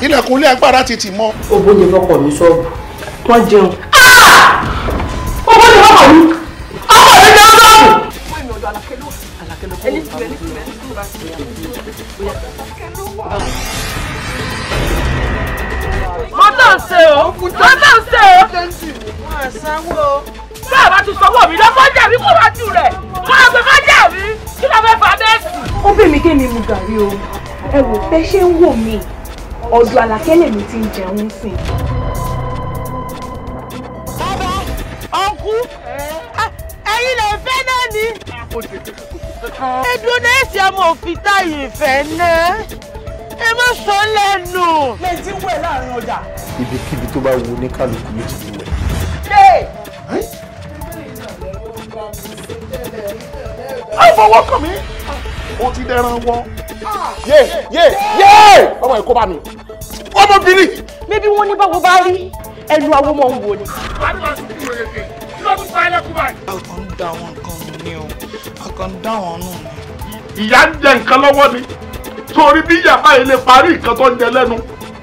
ilẹ̀kùn ilé agbára ti tì mọ́. ogbóni fọkọ mi sọ́ọ̀bù wọ́n jẹun. Ah! ogbóni fọkọ mi ọkọ mi jẹun sọ́ọ̀bù mọ́tò ń ṣe o mọ́tò ń ṣe o tí àbá ti sọwọ́ mi lọ́kọ́ jà mí kó wájú rẹ̀ kó àgbẹ̀ má jà mí kí ló fẹ́ fà bẹ́ẹ̀sì. ó bẹ̀ mí kémi mu gàrí o ẹ wò pé ṣé ń wò mí ọ̀dọ̀ àlàkẹ́lẹ̀ mi ti ń jẹun sìn. bàbá ọkú ẹ̀yin lè fẹ́ náà ni. ẹdùn náà ẹ̀sìn ọmọ òfin táyì ìfẹ́ náà ẹ má sọ lẹ́nu. lè ti wẹ̀ láàrin ọjà. ibikíbi tó bá wù ní kálukú méjì fọwọ́ kàn mí ó ti dẹran wọ yé yé yé ọmọ ẹ kó bá mi ọmọbìnrin. níbi wọn ní báwo bá rí ẹnu àwọn ọmọ ń wò ni. ọkàn ń dá wọn kan ni o ọkàn ń dá wọn nù ni. ìyá ń jẹ nǹkan lọ́wọ́ ni torí bí yàrá ilé parí nǹkan tó ń jẹ lẹ́nu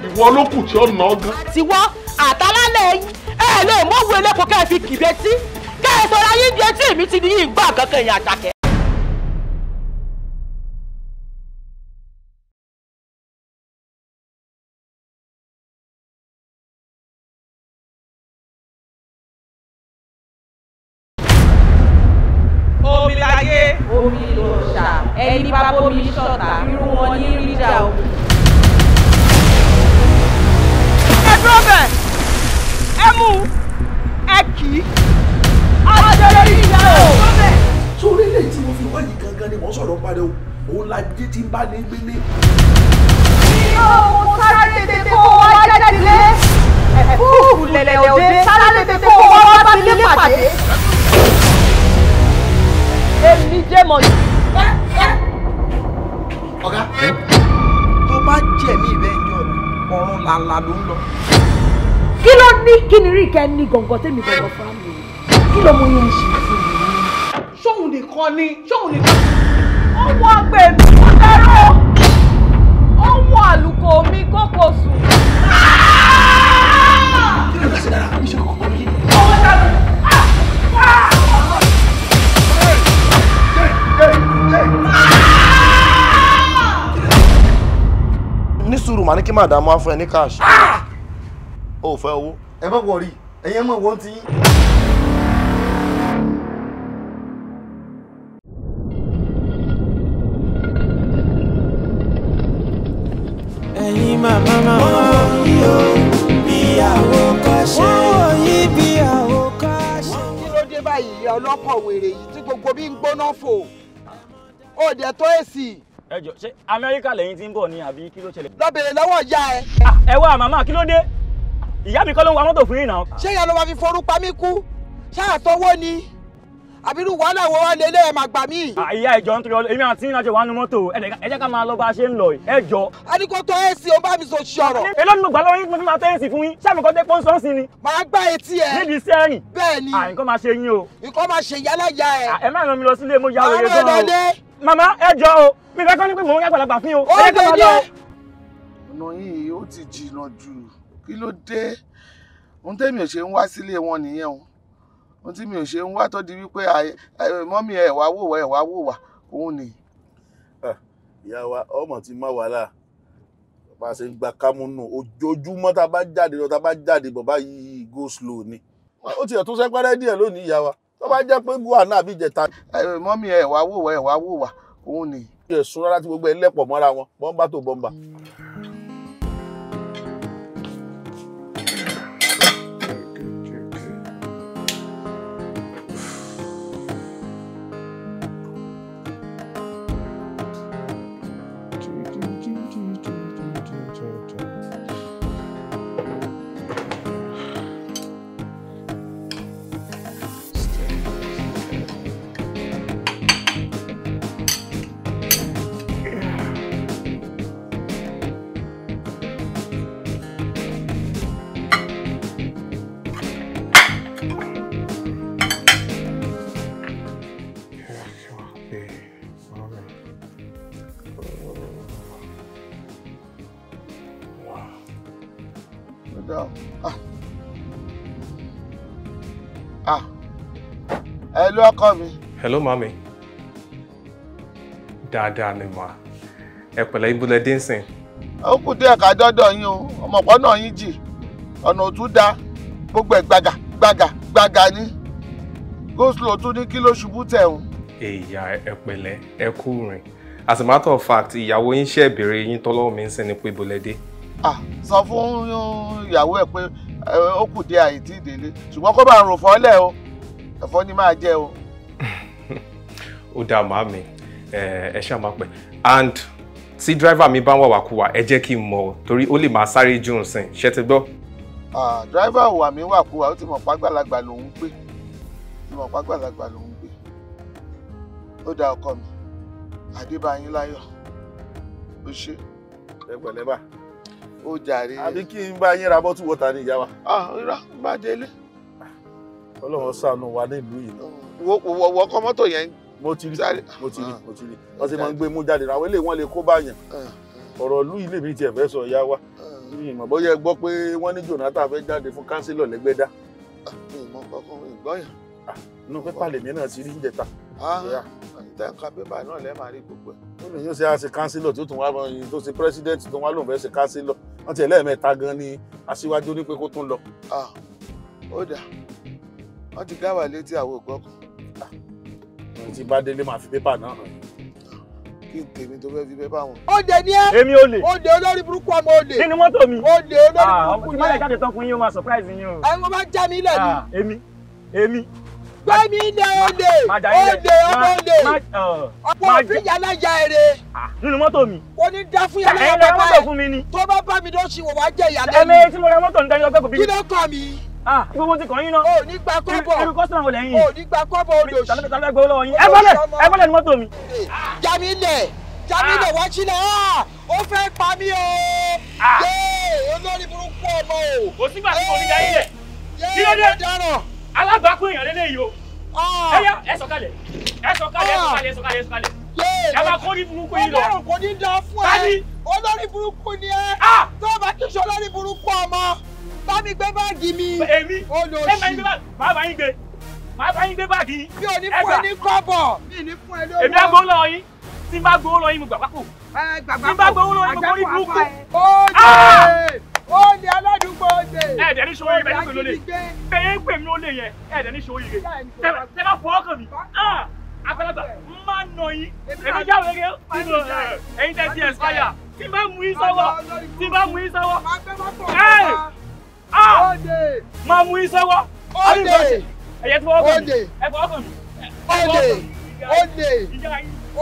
ìwọ ló kù tí ó nà ọ́ gan. tiwọ́ àtàlálẹ̀ yín ẹ lè mọ̀wé lẹ́kọ̀ọ́ kẹ́ ẹ fi kìbẹ́tì kẹ́ ẹ sọ̀rọ̀ ayé ń jẹ́ tí èmi ti ní yìí kankan yẹn àtàkẹ́. bá jí tí n bá lè gbélé. ní sáré tètè kó wá jáde lé ẹ̀fúùfù lẹ̀lẹ̀ òde sáré tètè kó wá bá mi lé pàdé. èmi jẹ́ mọ̀jú. ọ̀gá tó bá jẹ̀mí rẹ̀ jọ ọ̀run làǹlà ló ń lọ. kí ló ní kí ni rí ìkẹ́ ní gọ̀ǹgọ̀ tẹ́mi gọ̀ǹgọ̀ fún mi kí ló mú yín ṣe fún mi. sóhun nìkan ni sóhun nìkan ni ohun ọgbẹ́ mi kò dárò ohun àlùkò mi kókò sùn. kí ló dé sí dára àbí ṣe kókó mi. ọwọ́ dànù. ní sùúrù màá ní kí màdàmú á fún ẹ ní cash. Ah! o ò fẹ́ owó. ẹ má wọrí ẹ̀yin ẹ má wọ́n ti yín. báyìí ọlọ́kọ̀ wèrè yìí tí gbogbo bí ń gbóná fò ó dẹ̀ tó èsì. ẹ jọ ṣé amẹ́ríkà lẹ́yìn tí ń bọ̀ ni àbí kí ló ṣẹlẹ̀. lọ bèrè lọ́wọ́ ìyá ẹ. ẹ wá màmá kí ló dé ìyá mi kọ́ ló ń wa mọ́tò fún yìí náà. ṣé ìyá ló wá fi forúpamí kú ṣáà tọwọ́ ni àbírú wàhálà wo wá lélẹ̀ ẹ̀ máa gbà mí. àyà ìjọ ń tọrọ èmi àti ìrìnàjò wa nu mọ́tò ẹ jẹ́ ká máa lọ bá a ṣe ń lọ yìí ẹ jọ. a ní kó tọ́ èsì o bá mi sọ sí ọ̀rọ̀. èló ni mo gbà lọ́wọ́ yín mo fi máa tọ́ èsì fún yín sáàmì kan tẹ́ pọ́ńsọ́ sí ni. màá gbá etí ẹ. nídìí sẹ́rìn. bẹ́ẹ̀ ni. à nǹkan máa ṣe yín o. nǹkan máa ṣe yálà ya ẹ. ẹ má ràn mí lọ sílé mo yá òye gan-an o. màmá o mi fẹ́ o. ó lè dé. ọ̀nà yìí ó ti jìnnà jù kí ló dé ohun tẹ́mi ohun tí mi ò ṣe ń wá tó di wípé mọ́mí ẹ̀ wá wò wá ẹ̀ wá wò wá òun ni. ìyá wa ọmọ ti má wàhálà bá a ṣe ń gba kámúnù ojoojúmọ́ tá a bá jáde lọ tá a bá jáde bọ̀ báyìí go slow ni ó tiẹ̀ tún sẹ́pẹ́rẹ́ díẹ̀ lónìí ìyá wa tó bá jẹ́ pé buwa náà bí jẹta. mọ́mí ẹ̀ wá wò wá ẹ̀ wá wò wá òun ni. ìyẹ̀sùn rárá tí gbogbo ẹ̀ lẹ́pọ̀ mọ́ra wọn bọ́ńbà tó bọ́ńbà. Mm. hello mommy. dáadáa ni mà ẹ pẹ̀lẹ́ ibùdó dínsìn. ó kù díẹ̀ ká dọ́dọ̀ yín o ọmọkọ́ náà yín jì ọ̀nà ò tún da gbogbo ẹ̀ gbàgà gbàgà gbàgà ni goslow tún ní kí ló ṣubú tẹ̀ o. èèyà ẹ pẹ̀lẹ́ ẹ kú as a matter of fact ìyàwó yín ṣe ìbéèrè yín tọ́lọ́wọ́ mi ń sìn ní pé ibùdó dé. ah so fún ìyàwó ẹ pé ó kù díẹ̀ àìtí ìdílé ṣùgbọ́n kó bá ń rò fọ́lẹ̀ o ẹ̀fọ́ ni máa jẹ o. ó dá mi ẹ ṣáà máa pẹ́ and tí driver mi bá ń wàwàkuwà ẹ jẹ́ kí n mọ̀ torí ó lè máa sáré jù nsìn ṣe ti gbọ́. driver wà mí wàkuwà ó ti mọ̀ pàgbàlagbà lòún pé ti mọ̀ pàgbàlagbà lòún pé ó dá ọkọ mi adébáyín láyọ̀ ó ṣe ẹgbẹ̀lẹ́bà ó jàre. àbí kí n bá yín ra bọ́tù wọ́ta ní ìyá wa. rírà bá délé. ọlọ́run ṣàánú wa nílùú yìí. wọ́kọ̀ mọ́tò yẹn mo ti rí mo ti rí mo ti rí wọ́n ti máa ń gbé mú jáde àwọn eléyìí wọ́n lè kó báyàn ah. ọ̀rọ̀ ìlú ilé mi tiẹ̀ fẹ́ sọ ìyá wa ah. mi ìmọ̀ bóyá ẹ gbọ́ pé wọ́n ní Jonathan fẹ́ jáde fún kánsílọ̀ lẹ́gbẹ́dá. ìmọ̀ ah, kankan ìgbọ́yàn. inú pépà lèmi náà ti rí ń jẹta. ìtẹ́ nǹkan pépà náà lẹ́ẹ̀ máa rí gbogbo ẹ̀. ó lè yóò ṣe àṣe kánsílọ̀ tó tún wá lọ́yìn tó ṣe president tó wá lóun fẹ́ ṣe kánsílọ̀ wọ́n ti ẹlẹ́ẹ̀mẹ́ta wọ́n ti gáwà létí àwọn ògbọ́kàn tí bá délé máa fi pépà náà hàn kí n tèmi tó fẹ́ fi pépà wọn. ó dé ní ẹ. èmi ò lè. ó dé olórí burúkú ọmọ ò lè. kí ni mọ́tò mi. ó dé olórí ah, burúkú yẹn. ọmọ tí bá jáde tán fún yín ó máa surprise yín o. àwọn bá já mi lẹ̀ ni. Ah, èmi èmi. gbẹ́mi ilé ó dé ó dé ọmọ ò lè. ọ̀pọ̀ òfin yàrá ya èrè. Ah, nínú mọ́tò mi. ó ní dá fún yàrá bàbá ẹ̀ tó bá bá ah ti kàn yín náà. o ní kọ́bọ̀ irú kọ́sítọ̀mù wo lẹ́yìn. o ní kọ́bọ̀ odò sí. tàbí tàbí gbowó yín. ẹ bọ́lẹ̀ ẹ bọ́lẹ̀ ní mọ́tò mi. jami lẹ jami lẹ ó fẹ́ pa mí o. Ah. yé olórí burúkú ọmọ o. kò sígbà tí mo ní jayé lẹ. Eh, kí ló dé alábàákú èèyàn lélẹ́yìí o. Ah. ẹyà ẹ sọ̀kalẹ̀ ẹ sọ̀kalẹ̀ ẹ ah. sọ̀kalẹ̀ ẹ sọ̀kalẹ̀ ẹ sọ̀kalẹ̀. yàrá kò ní burúkú yìí lọ. ọlọ́run kò ní dá fún ẹ olórí burúkú ni ẹ tó bá kí bá mi gbé báàgì mi. èmi olóṣì èmi máa bá yín gbé máa bá yín gbé báàgì yín. mi ò ní fún ẹ ní kọ́bọ̀ mi ò ní fún ẹ lówó. èmi á gbowó lọ yín tí n bá gbowó lọ yín mo gbàgbá kò. ẹ gbàgbá kò tí n bá gbowó lọ yín mo kọ́ ní burúkú. oye oye ah! aládùúgbò oye. ẹ dẹ̀ ní sọ yìí bẹ́ẹ̀ ní pẹ̀lú olè bẹ́ẹ̀ ń pè mí olè yẹn ẹ dẹ̀ ní sọ yìí rẹ̀ tẹ́ bá fọwọ́ kàn mí ah! àgbàlagbà má nà Ah! máa mú iṣẹ́ wá ọdẹ ẹ̀yẹ tí wọ́n kọ́ mi ẹ fọwọ́ kàn mí ọdẹ ọdẹ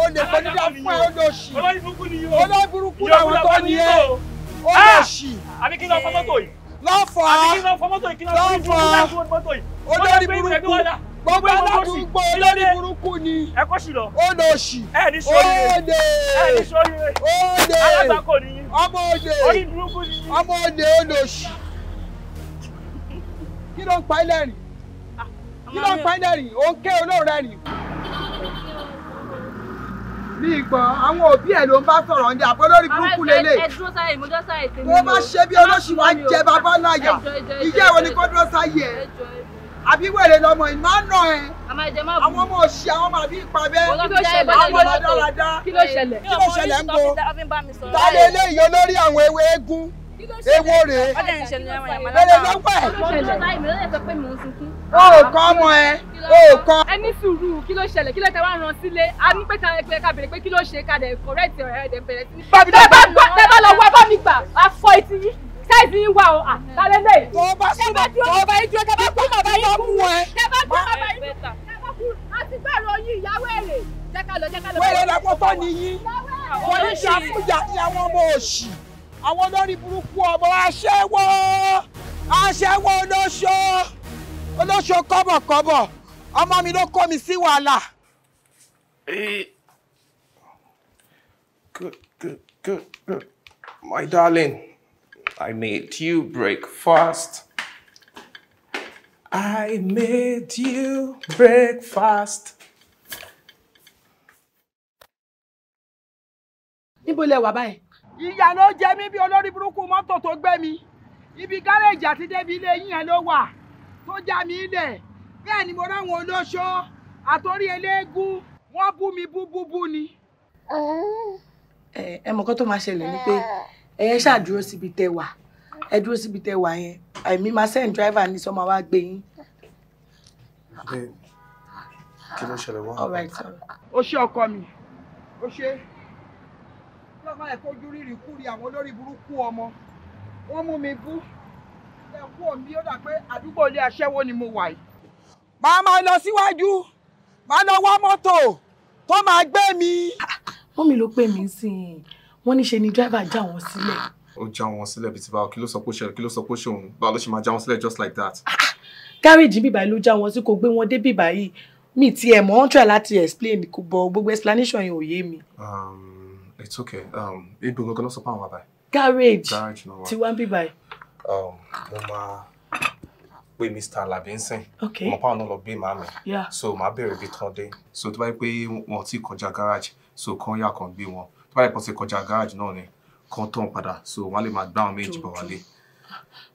ọdẹ kọ́nídà fún ẹ ọdọ sí ọdọ burúkú làwọn tó ní ẹ ọdọ sí. àbí kí ló fọ́ mọ́tò yìí. lọ́fọ̀ lọ́fọ̀ olórí burúkú gbogbo aládùúgbò olórí burúkú ni ọdọ sí ọdẹ ọdẹ ọmọ ọdẹ ọmọ ọdẹ ọdọ sí kí ló ń pa ilé rìn kí ló ń pa ilé rìn ó ń ké olóòrè rìn. bí ìgbọ̀n àwọn òbí ẹ̀ ló ń bá sọ̀rọ̀ ní àbọ̀ lórí burúkú lélẹ̀ tó bá ṣe bí olóṣìí wá jẹ bàbá láyà ìyá ìwọ ni kò dúró sáyé ẹ àbí wèrè lọmọ ìmọ̀ àná ẹ àwọn ọmọ òṣì àwọn ọmọ àbí ìpàbẹ́ àwọn ọlọ́dọ̀ ọ̀làdá kí ló ṣẹlẹ̀ ń bo ta lé ilé ìyọ lórí àwọn ewé eégún ewo re wẹlẹ lọ́wọ́ ẹ. o kọ ọmọ ẹ o kọ. ẹ ní sùúrù kí ló ṣẹlẹ̀ kí ló tẹ wá rán sílé a ní pé ká ká bèrè pé kí ló ṣe ká dẹ̀ correct ọ̀rẹ́ ẹ̀dẹ̀ bẹ̀rẹ̀ sí. tẹ bá gbọ́ tẹ bá lọ wá bá mi gbà á fọ etí yín sáìsì yín wà ó àtàlẹ́ lẹ̀. tó o bá sọ tó o bá yín dúró tẹ bá kú bàbá yín kú ẹ. tẹ bá kú bàbá yín kú tẹ bá kú àti gbàrọ yín ìyàwó èrè jẹ́ ká lọ jẹ́ ká lọ. wẹ́rẹ́ lakọ́tọ́ ni yín wọ́n ní àwọn olórí burúkú ọmọ aṣẹ́wó aṣẹ́wó olóṣó olóṣó kọ́bọ̀kọ́bọ̀ ọmọ mi ló kó mi sí wàhálà. Good, good, good, My darling, I made you breakfast. I made you breakfast. Níbo lẹ wà báyìí? ìyà ló jẹ mí bí olórí burúkú mọ́tò tó gbé mi ibi gáréèjì àti débi ilé yín ló wà tó já mi lẹ̀ bẹ́ẹ̀ ni mo ráwọn olóṣó àtòrí eléégún wọ́n bú mi búbúbú ni. ẹ mọ̀ kán tó máa ṣẹlẹ̀ ni pé ẹ ṣáà dúró síbi tẹ wà ẹ dúró síbi tẹ wà yẹn àìmí máa send driver ní sọ́mọ wá gbé yín. kí ló ṣẹlẹ̀ wọ́n. ó ṣe ọkọ mi ó ṣe máa ẹ̀kọ́ ojú rírì kúri àwọn olórí burúkú ọmọ wọ́n mú mi bú ẹ̀kú òmí ó dà pé àdúgbò ilé aṣẹ́wó ni mo wà yìí. màá máa lọ síwájú màá lọ wá mọ́tò tó máa gbé mi. wọ́n mi ló pè mí sí i wọ́n ní ṣe ni dírẹ́fà já wọn sílẹ̀. ó já wọn sílẹ̀ bíi ti báwo kí ló sọ pé ó ṣe kí ló sọ pé ó ṣe òun báwo ló ṣe máa já wọn sílẹ̀ just like that. Ah, gáréèjì bíbá yìí ló já wọn sí kò gbé wọn dé bíbá yìí mi tiẹ̀ mọ́ ń try láti explain kò bọ gbogbo explanation yẹn ò yé mi. Um, It's okay. Um, ibo gangan lọ́sọ̀ pàwọn bàbá. Garage. Garage náà wà. Ti wá ń Um, Mama, we pé Mr. Labinson. Okay. My partner náà lọ gbé Yeah. So my baby ibi today. So tó bá yẹ pé wọn ti garage, so come here, come be one. Tó bá yẹ pé wọ́n garage No ni, Come tán padà. So wọ́n lè máa gbá àwọn méjì bọ̀ wálé.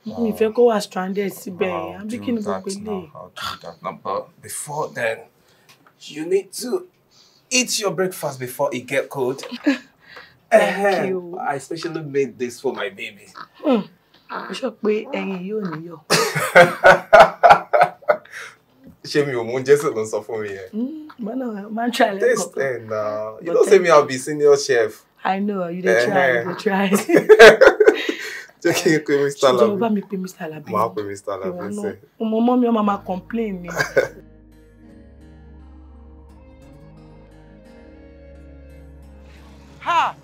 Mo ìfẹ́ kó stranded síbẹ̀ yẹn. Àbí kí ni gbogbo I'll do that now. But before then, you need to eat your breakfast before it get cold. thank you. I especially made this for my baby. Hmm. Mo sọ pé ẹyin yóò níyọ̀. Ṣé mi ò mú Jésù ló ń sọ fún mi yẹn? Bọ́lá hmm, try lẹ́kọ̀ọ́. Taste ẹ̀ You don't say me I'll be senior chef. I know you dey try you dey try. Jẹ́ kí n pe Mr. Alabi. Ṣùgbọ́n bá mi pe Mr. Alabi. Màá pe Mr. Alabi sẹ́. Ọmọ ọmọ mi ọmọ mama complain ni. Ha!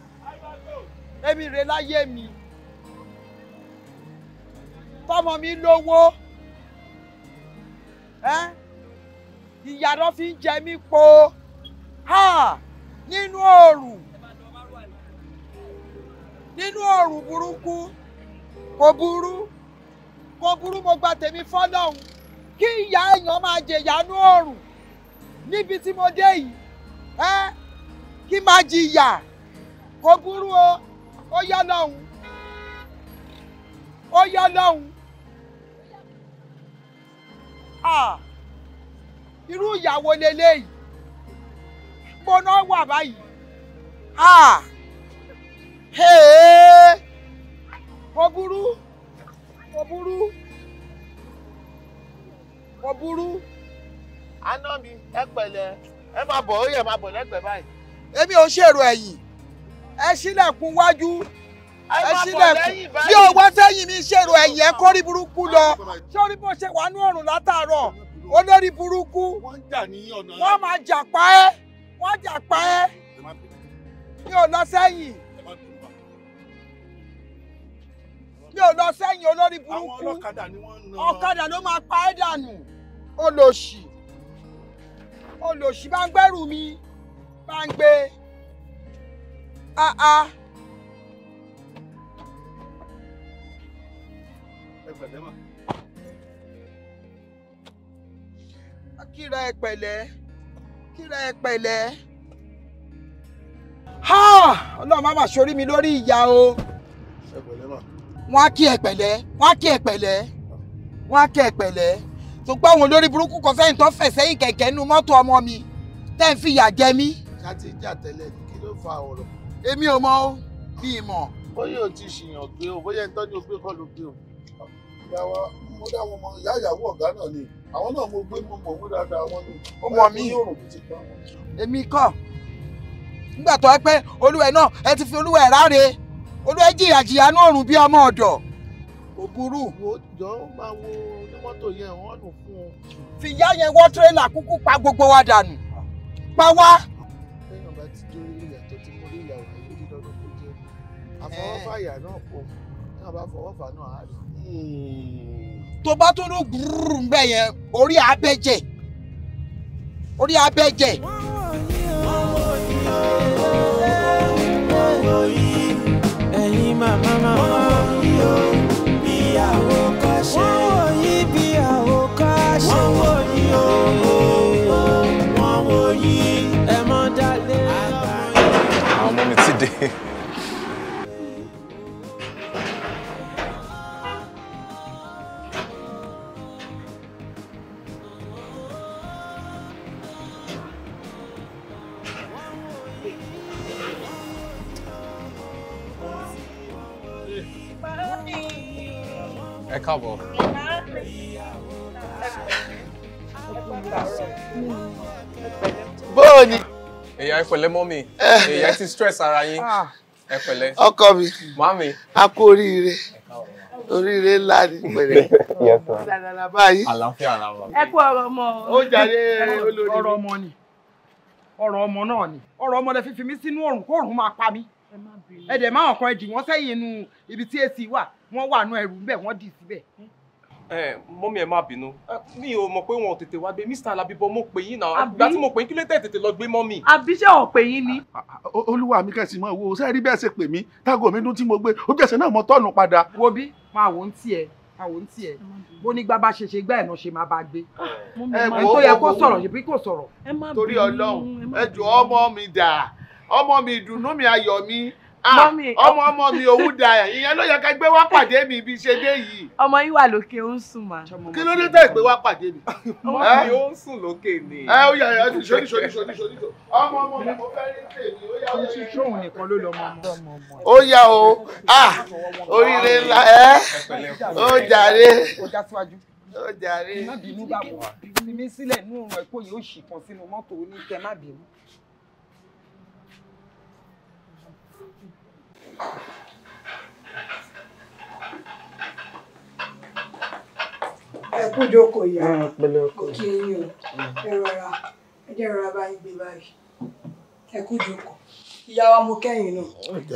tèmi rè láyé mi tọmọ mi lówó ìyà ló fi ń jẹ mí po nínú òòrùn nínú òòrùn burúkú kò burú kò burú mo gba tèmi fọlọ́hún kí ìyá èèyàn máa jẹ̀yà nú òòrùn níbi tí mo dé yìí kí máa jìyà kò burú o ó yá lọ́hùn ó yá lọ́hùn irú ìyàwó leléyìí gbóná wà báyìí kò burú kò burú kò burú. àná mi ẹ pẹ̀lẹ́ ẹ máa bọ̀ ó yẹ máa bọ̀ lẹ́gbẹ̀ẹ́ báyìí. èmi ò ṣèrò ẹ̀yìn ẹ ṣílẹ̀kùn wájú ẹ ṣílẹ̀kùn bí o wá sẹ́yìn mi ṣèrò ẹ̀yìn ẹ kórí burúkú lọ sórí bó ṣe wà ní ọ̀run látàárọ̀ olórí burúkú wọ́n máa jà pa ẹ́ wọ́n jà pa ẹ́ mi ò lọ sẹ́yìn mi ò lọ sẹ́yìn olórí burúkú ọ̀kadà ló máa pa ẹ́ dànù olòṣì olòṣì bá ń gbẹ́rù mi bá ń gbé. Ah kíra ah. ẹ pẹ̀lẹ́ kíra ẹ pẹ̀lẹ́. Ah! ọlọ́run má mà sórí mi lórí ìyá o. wọ́n á kí ẹ pẹ̀lẹ́ wọ́n á kí ẹ pẹ̀lẹ́ wọ́n á kí ẹ pẹ̀lẹ́ tó gbọ́ àwọn olórí burúkú kan sẹ́yìn tó fẹ̀ sẹ́yìn kẹ̀kẹ́ nínú mọ́tò ọmọ mi tẹ́ ń fìyà jẹ mí. ká ti jà tẹ́lẹ̀ kí ló fa ọ̀rọ̀ èmi ò mọ o mi ì mọ. bóyá o ti ṣìyàn gbé o bóyá ìtọ́jú o gbé kọ́ ló gbé o. ìyàwó mo dá wọn mọ ìyá ìyàwó ọ̀gá náà ni àwọn náà mo gbé mo mọ̀ wọ́n dáadáa wọn ni. ọmọ mi èmi kọ́ nígbà tó ẹ pé olúwẹ̀ náà ẹ ti fi olúwẹ̀ ráre olúwẹ̀ jìyà jìyà ní òrùn bí ọmọ ọ̀dọ̀ kò burú. jọ máa wo onímọ́tò yẹn wọ́n lù fún un. fìyà yẹn wọ́ tírélà kúkú pa gbogbo wa dànù pa wá. lẹ́yìn ọba ti dórí ìyá àfọwọ́fàyà náà kò náà bá fọwọ́fà náà á rí. tó bá tó ló gbúrú ń bẹ yẹn orí abẹ́jẹ̀ orí abẹ́jẹ̀. ẹ̀yin màmá màmá yóò. káàbọ̀. bóò ni. ẹ̀yà ìpẹ̀lẹ́ mọ́mì eh. ẹ̀yà ti stress ara yín ah. ẹ pẹ̀lẹ́. ọkọ mi mami a kú oríire oríire ńlá ni pẹ̀lẹ́ ìlànà báyìí. àlàáfíà ara wa. ẹ kú ọ̀rọ̀ ọmọ. ó jàre olórí ọ̀rọ̀ ọmọ ni ọ̀rọ̀ ọmọ náà ni ọ̀rọ̀ ọmọ rẹ fífi mí sínú ọrùn kó ọrùn máa pa mí ẹ̀dẹ̀ máa ọ̀kan ẹ̀jì wọ́n sẹ́yìn inú ibi tí èsì wà wọ́n wà nú ẹrù ńbẹ̀ wọ́n dì síbẹ̀. ẹ mọ́mí ẹ má bínú mi ò mọ̀ pé wọn ò tètè wá gbé Mr. Alabibọ mo pè yín náà ìgbà tí mo pè yín kí ló tẹ̀ tètè lọ gbé mọ́mí. àbí ṣé ò pè yín ni. olúwa mi kẹsì mọ ìwo sẹ́ẹ̀rí bẹ́ẹ̀ ṣe pè mí tágò mi dún tí mo gbé ojú ẹsẹ̀ náà mo tọ́nu padà. wo bí máa wò ó ń tiẹ̀ àwọn ohun tí ẹ bó ní gbá bá ṣe ṣe gbá ẹ̀ náà ṣe máa bá gbé ẹ tó yẹ kó sọ̀rọ̀ ṣe bí kò sọ̀rọ̀. torí Ọlọ́run ẹ jù ọmọ mi dà ọmọ mi ìdùnnú mi ayọ̀ mi Ah, ọmọ ọmọ mi òwú dayà ìyẹn ló yẹ ká gbé wá pàdé mi ibi ṣe dé yìí. ọmọ yín wà lókè ó ń sùn mà. kí ló dé tẹ̀ gbé wá pàdé mi. ọmọ mi ó ń sùn lókè ni. ẹ ó yà ẹ ti ṣorí ṣorí ṣorí ṣorí ọmọ ọmọ mi kò fẹ́ rí tèmi ó yà ó ṣíṣe òun nìkan ló lọ mọ ọmọ. ó yà o oríire ńlá ẹ ó jàre ó jàre. má bínú bá wọ fi mí sílẹ̀ nínú ẹ̀kọ́ ẹ kú jókòó ìyá kí eyín o ẹ rọra ẹ jẹ́ rọra báyìí gbé báyìí ẹ kú jókòó ìyá wa mo kẹ́yìn náà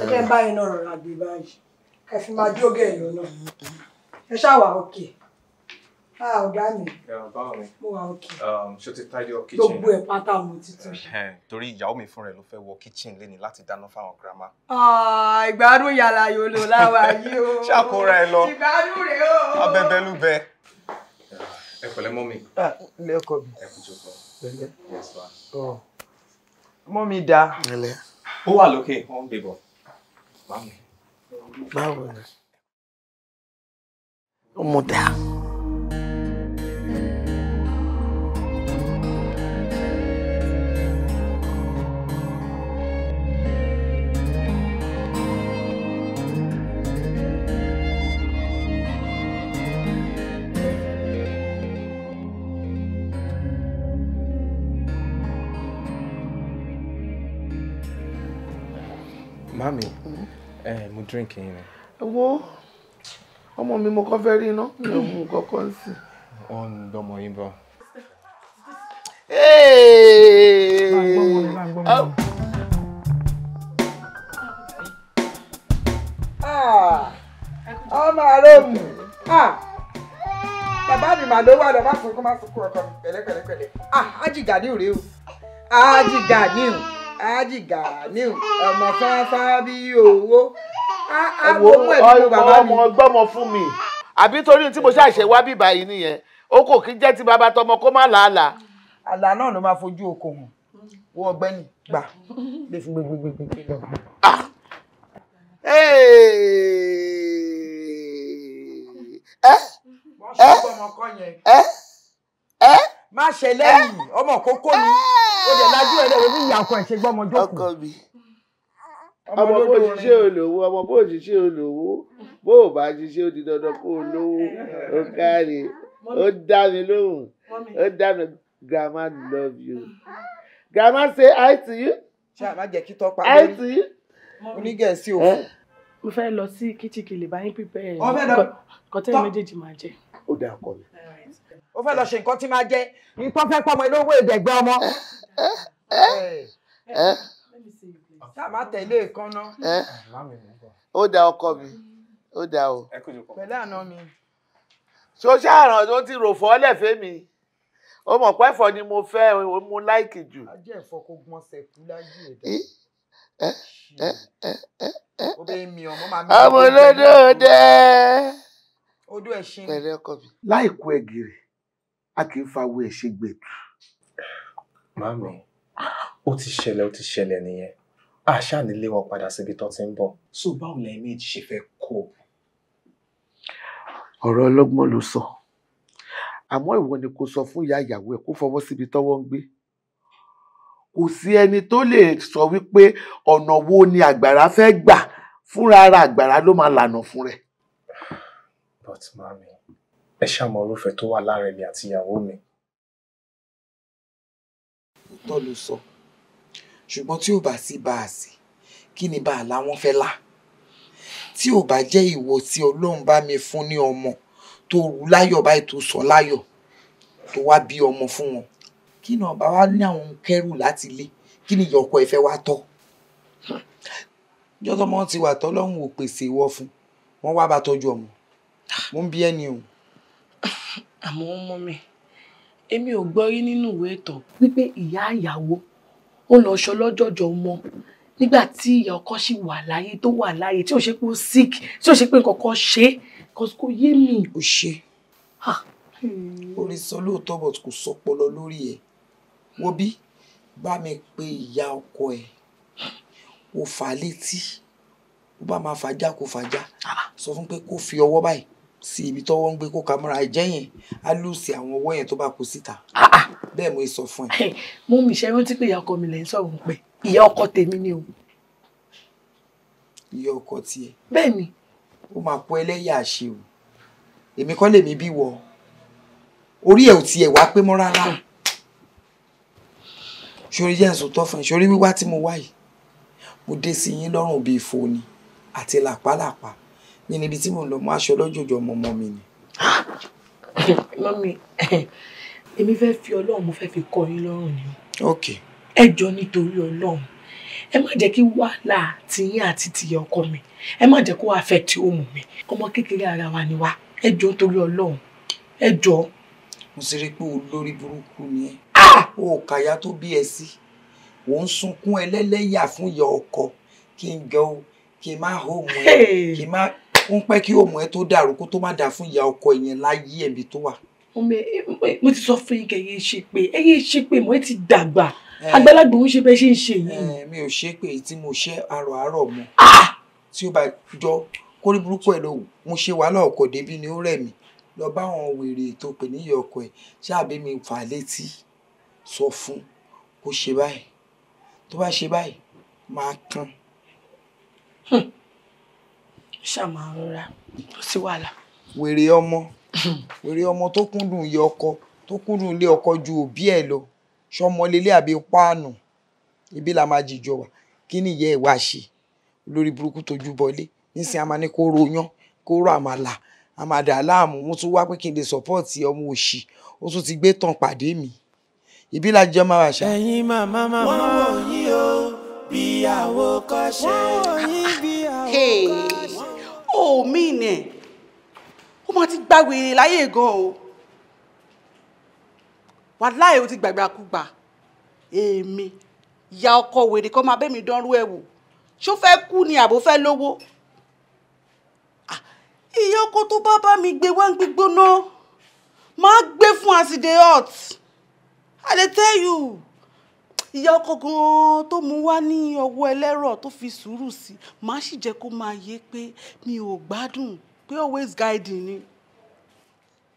ẹ jẹ́ báyìí náà rọra gbé báyìí ẹ fi máa jógẹ̀ ìlú náà ẹ ṣáà wà ókè ah ọ̀gá mi báwo ni mo wà òkè um, ṣó tidy up kitchen gbogbo ẹ̀ pátá mo ti tún ṣe. torí ìyàwó mi fúnra ẹ̀ ló fẹ́ wọ kitchen lẹ́ni láti dáná fáwọn girama. Ah, ìgbádùn yàrá yóò lò láwa yìí o ṣàkóra ẹ lọ ìgbádùn rẹ o. abẹbẹ ló bẹ. ẹ pẹ̀lẹ́ mọ mi. lẹkọ mi ẹ kú jókòó. pẹ̀lẹ́ mọ mi da. ó wà lókè wọn ń bèbọ. báwo ni. ọmọ dáa. Drinking, you know. ẹ wo ọmọ mi mo kọ́ fẹ́ rí iná mi ò mú kọ́kọ́ ń sìn. ó ń dọmọ yín bọ. Ah! ọmọ aróòmù ah! bàbá mi màá ló wà lọ má sunkún má sunkún ọkọ mi pẹ̀lẹ́pẹ̀lẹ́pẹ̀lẹ́ ah Ajiganiu rèé o Ajiganiu Ajiganiu ọmọ fáfá bí owó ẹ̀wò ọmọ gbọ́mọ fún mi àbí torí tí mo ṣàṣẹ wá bíbá yìí nìyẹn ó kò kí jẹ́ ti bàbá tọmọ kó má làálà. àlà náà ló máa fojú oko hàn wọ ọ̀gbẹ́ni gbà lè fi gbégbégbé lọ. ẹ ẹ ẹ ẹ má ṣe lẹ́yìn ọmọ kókó ni eh! ó dẹ̀ lajú ẹ̀ lẹ́wọ̀n ní ìyá ọkọ ẹ̀ ṣe gbọ́mọ jókòó ọmọ bó ṣiṣẹ́ olówó ọmọ bó ṣiṣẹ́ olówó bó o bá ṣiṣẹ́ ó di dandan kó o lówó ó káre ó dá mi lóhùn ó dá mi grandma love you grandma say hi to you ṣe àbá jẹ́ kí tọ́pa hi to you onígẹ̀ẹ́sì òfò. mo fẹ́ lọ sí kìtìkìlì báyìí pípẹ́ ẹ̀ kọ́tẹ́ méjèèjì máa jẹ. ó dáa kọ́ mi. ó fẹ́ lọ ṣe nǹkan tí máa jẹ nǹkan fẹ́ pọ́mọ ilé owó ìdẹ̀gbẹ́ ọmọ ká má tẹ̀lé ìkànnà. ó da ọkọ mi ó da o. pẹ̀lú àná mi. ṣó ṣàràn tó ti rò fọ́lẹ̀ fẹ́mi ó mọ̀ pé ẹ̀fọ́ ni mo fẹ́ mo láìkì jù. ajé ẹ̀fọ́ kò gbọ́n sẹ̀kú láyé ẹ̀dá ọmọ olódò dẹ. odò ẹṣin. pẹ̀lẹ́ ọkọ mi. láìkú ẹgìrì a kì í fawọ ẹṣin gbèdú. màmí ó ti ṣẹlẹ̀ ó ti ṣẹlẹ̀ nìyẹn àṣà nílé wọn padà síbi tó ti ń bọ̀ so báwo lẹ́yìn méjì ṣe fẹ́ kó o. ọ̀rọ̀ ọlọ́gbọ́n ló sọ àmọ́ ìwọ ni kò sọ fún ìyá ìyàwó ẹ̀ kó fọwọ́ síbi tọ́wọ́ ń gbé kò sí ẹni tó lè sọ wípé ọ̀nà wo ni àgbàrá fẹ́ gbà fúnra ara àgbàrá ló máa lànà fún rẹ̀. but mami ẹ ṣàmọ orúfẹ tó wà láàrin mi àti ìyàwó mi. òótọ́ ló sọ. So ṣùgbọ́n tí ò bá sí bá a sí kí ni bá a láwọn fẹ́ là tí ò bá jẹ́ ìwọ tí ọlọ́run bá mi fún ní ọmọ tó rú láyọ̀ báyìí tó sọ láyọ̀ tó wá bí ọmọ fún wọn kí ni ọba wa ní àwọn kẹrù láti ilé kí ni ìyọkọ ẹ fẹ́ wá tọ́ jọ́tọ́ mọ́ ti wà tọ́lọ́run ò pèsè ìwọ fún wọ́n wá bá tọ́jú ọmọ mo ń bí ẹni o. àmọ́ ọmọ mi èmi ò gbọ́ rí nínú ìwé ìtàn wípé ìyá ìyàwó ó lọ ṣọlọ́jọ̀jọ̀ ọmọ nígbà tí ìyá ọkọ ṣì wà láyé tó wà láyé tí ò ṣe pé ó sick tí ò ṣe pé nǹkan kan Cause kò yé mi. ò ṣe orí sọ lóòótọ́ but kò sọpọlọ lórí ẹ̀ wo bí bá mi pe ìyá ọkọ ẹ̀ o fà á létí o bá máa fàájà kó fàájà ah. sọ fún pé kó fi ọwọ́ báyìí sí ibi tọ́wọ́ ń gbé kó kámọ́ra ẹ̀jẹ̀ yẹn á lùsì àwọn ọwọ́ yẹn tó bá kó síta. Ah, ah. bẹ́ẹ̀ mo sọ fún ẹ. mú mi ṣe rántí pé ìyá ọkọ mi lẹ́yìn sọ̀rọ̀ ń pẹ́ ìyá ọkọ tèmi ni o. ìyá ọkọ tiẹ̀. bẹ́ẹ̀ ni. ó máa kó ẹlẹ́yà ṣe o èmi kọ́ lèmi bí wọ orí ẹ̀ ò tiẹ̀ wá pé mọ́ rárá ṣorí jẹ́ ẹ̀sùn tọ́ fún ẹ ṣorí wíwá tí mo wá yìí mo dé sí yín lọ́rùn bíi fo àti làpálàpá mi níbi tí mò ń lọ mú aṣọ lọ́jọ́jọ́ ọmọ ọmọ mi ni. mọ́mí èmi fẹ́ fi ọlọ́run mo fẹ́ fi kọ́ yín lọ́rùn ni. ok. ẹ jọ nítorí ọlọ́run ẹ má jẹ́ kí wàhálà tiyín àti tìyẹ ọkọ mi ẹ má jẹ́ kó affect ọmọ mi ọmọ kékeré ara wa ni wa ẹ jọ nítorí ọlọ́run ẹ jọ. mo sì rí i pé olórí burúkú ni ẹ ah! o ò kàyà tó bí ẹ sí ò ń sunkún ẹlẹ́lẹ́yà fún ìyá ọkọ kí n gẹ o kí n má hó mu ẹ kí n má ó ń pẹ́ kí ọmọ ẹ tó dàrú kó tó má dáa fún ìyá ọkọ ìyẹn láyé ẹ̀mí tó wà. ọmọ ẹ mo ti sọ fún yín kẹ ẹ yéé ṣe pé ẹ yéé ṣe pé mo ti dàgbà eh. àgbàlagbà òun ṣe bẹ ṣe ń ṣe yìí. Eh, mi ò ṣe pé tí mo ṣe àrò àárọ̀ mu ah! tí ó bá jọ kórí burúkú ẹ ló wù mo ṣe wàhálà ọkọ débi ni ó rẹ̀ mí lọ bá àwọn wèrè tó pè níyì ọkọ ẹ ṣáàbí mi fà létí sọ fún kó ṣe báyìí tó bá ṣe báyìí máa kán ṣàmà rọra kò sí wàhálà. wèrè ọmọ wèrè ọmọ tó kúndùn iye ọkọ tó kúndùn ilé ọkọ ju òbí ẹ lọ ṣọmọ àbí páànù ibi la máa jìjọ wà kí ni ìyá ẹ wá ṣe lórí burúkú tójú bọlé nísìnyí a máa ní kó ro yán kó ro àmàlà àmàdà láàmú mo tún wá pé kí n lè sọpọ́ọ̀tì ọmọ òṣì ó tún ti gbé tàn pàdé mi ìbí la jẹ́ máa wà ṣá. ẹ̀yin màmá màmá wọ́n wò o bí àwòkọ́ṣe. wọ́n wò yín bí ò mí nẹ̀ ó máa ti gba wèrè láyè gan o wàláhì ó ti gbàgbàkúgbà èmi ìyá ọkọ wèrè kọ́ máa bẹ́mi dánrú ẹ̀ wò ṣó fẹ́ kú ni àbó fẹ́ lówó ìyá ọkọ tó bá bá mi gbé wá ń gbígbóná máa gbé fún àsìdè hot i dey tell you ìyá ọkọ gan-an tó mú wá ní ọwọ́ ẹlẹ́rọ̀ tó fi sùúrù sí màá sì jẹ́ kó máa yé pé mi ò gbádùn pé always guiding ni.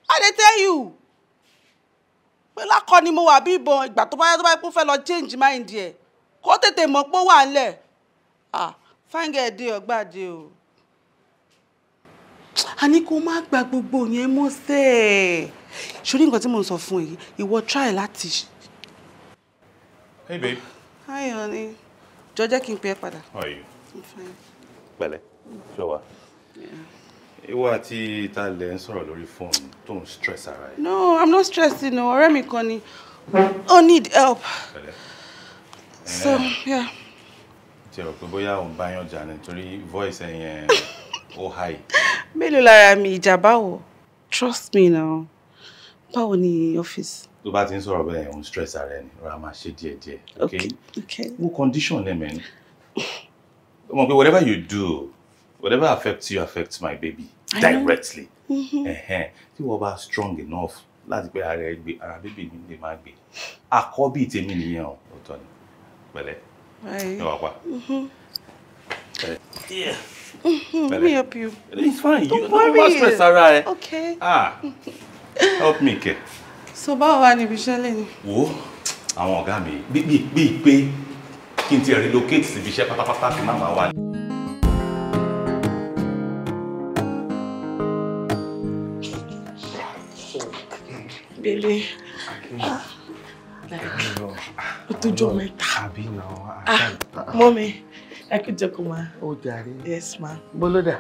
I dey tell you pé lákọ ni mo wà bí ìbọn ìgbà tó bá yá tó bá yẹ kó fẹ́ lọ change mind ẹ̀ kó tètè mọ̀ pé ó wà ńlẹ̀ ah fine girl dé ọgbà dé o. a ní kó má gba gbogbo yẹn mọ́ sẹ́ẹ̀ ṣorí nǹkan tí mo ń sọ fún ẹ yìí ìwọ try láti Hey, babe. Hi, honey. Jọ̀ọ́ jẹ́ kí n pè ẹ́ padà. How are you? I'm fine. Pẹ̀lẹ́, ṣé wà? Ìwọ àti ìta ilẹ̀ ń sọ̀rọ̀ lórí fóònù tó ń stress ara ẹ̀. No, I'm not stressing No, ọ̀rẹ́ mi kan ni. I need help. Pẹ̀lẹ́. So, eh, yeah. Ti rò pé bóyá òun bá yànjà nítorí voice ẹ̀ yẹn ó high. Mélòó lára mi ìjàmbá wò? Trust me now. Báwo ni ọ́fíìsì? tó bá ti ń sọ̀rọ̀ bẹ́ẹ̀ òun stress ara ẹni rọra máa ṣe díẹ̀ díẹ̀ okay okay wo condition lẹ mẹ́ni o mọ̀ pé whatever you do whatever affects you affects my baby directly mm-hmm. tí wọ́n bá strong enough láti pé ara ẹ gbé ara bébì mi lè máa gbé àkọ́bí tèmi nìyẹn o ọ̀tọ̀ ni pẹ̀lẹ́ ẹ wà pa. Mm-hmm. Yeah. Mm-hmm. Let me help you. It's fine. Don't you, worry. Don't stress, all right. Okay. Ah, help me, kid so báwo wá níbi iṣẹ́ lẹ́nu. wo àwọn ọ̀gá mi bí bí pé kí n ti relocate síbi iṣẹ́ pátápátá kí má máa wà. bèbè ah. ó tó jọ mẹ́ta ah, mọ́mi ẹ kí jẹ́ kó máa. ó jàre. yes ma. bólódà.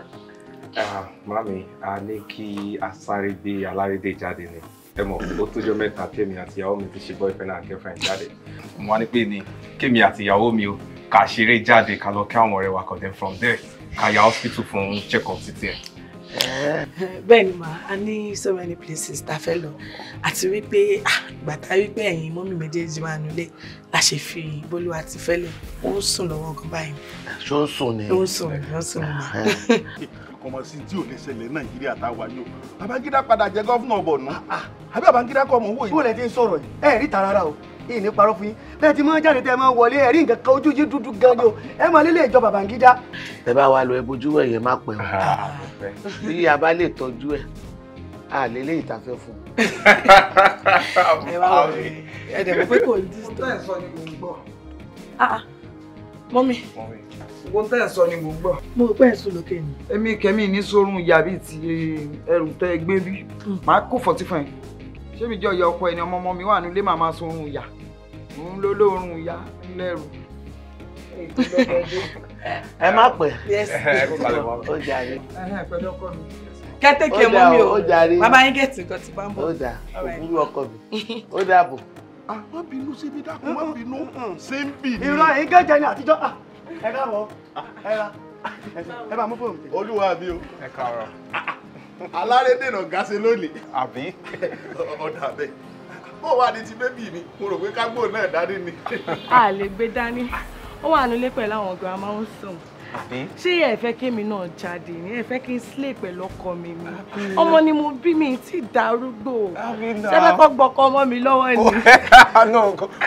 Ah, mami a ní kí a sáré gbé alárédè jáde ni ẹ mọ̀ ó tójọ́ mẹ́ta kémi àti ìyàwó mi ti ṣe boyfriend and girlfriend jáde mo wá ní pé ni kémi àti ìyàwó mi o ká ṣeré jáde ká lọ kí àwọn ọ̀rẹ́ wa kàn dé from there ká ya hospital fún check up títí ẹ̀. bẹ́ẹ̀ ni mà á ní so many places tá a fẹ́ lọ àti wípé ah, gbàtà wípé ẹ̀yin mọ́mí méjèèjì wà nílé la ṣe fi bólú àti fẹ́lẹ̀ ó ń sùn lọ́wọ́ ọkàn báyìí. ṣó ń sùn ni. ó ń sùn ni ó ń sùn ni. kọmọsí tí ò lè ṣẹlẹ̀ nàìjíríà táwa yóò babangida padà jẹ gọ́fúnà ọ̀bọ̀nù. Ah, ah àbí àbáńkídá kọ́ ọmọ owó yìí. bóòlù ẹ ti ń sọ̀rọ̀ yìí ẹ rí tara ra o yìí ní parọ́ fún yín bẹ́ẹ̀ ti máa jáde tẹ́ ẹ máa wọlé ẹ̀rí nǹkan kan ojú yín dúdú gan ni o ẹ máa lélẹ̀ ìjọba bàǹgídá. ẹ bá wa lọ ẹ bójú ẹ yẹn má pẹ́ o ah, bí a bá lè tọ́jú ẹ a lè lè ìtafẹ́ fún un. ẹ wá wọ ẹ dẹ̀ mọ̀ pé kò ní sọ ni mò ń ah, ah. sọ ni mò ń gbọ́. mo rò ẹ̀ sùn lókè ni. èmi kẹ́mi ní sórun yàrá bíi ti ẹrù tẹ́ gbé bí hmm. màá kó fọ́tífọ̀n yìí ṣé mi jẹ́ ọ̀yà ọkọ ẹni ọmọ ọmọ mi wà nílé màmá sunrun ìyá òun ló lóorun ìyá lẹ́rù. ẹ má pẹ́ ó jàre. kẹ́tẹ́kẹ́ mọ́ mi o bàbá yín gẹ̀ẹ́tì nǹkan ti bá ń bọ̀. ó dà òkúrú ọkọ mi ó dàbọ̀. Ah, má bínú síbi dákun má bínú ṣé ń bì ní. ìran ìgẹ́jẹ ni àtijọ́ ah, ẹ káàbọ̀ ah, ẹ ra ẹ bá mú fóònù. olúwa mi o ẹ kàrọ̀ alárédè náà gáṣe lónìí. àbí. ọ̀dà bẹ́ẹ̀ bó wà ní ti bébì mi mo rò pé kágbó náà dání ni. a lè gbé dání ó wà nílé pẹ̀lú àwọn girama ó sùn ṣé ẹ fẹ́ kí náà jáde ẹ fẹ́ kí n sílé pẹ̀lú ọkọ mi ni ọmọ ni mo bí mi ti darúgbó ṣẹ́fẹ́ kọ́ gbọ́kọ ọmọ mi lọ́wọ́ ni.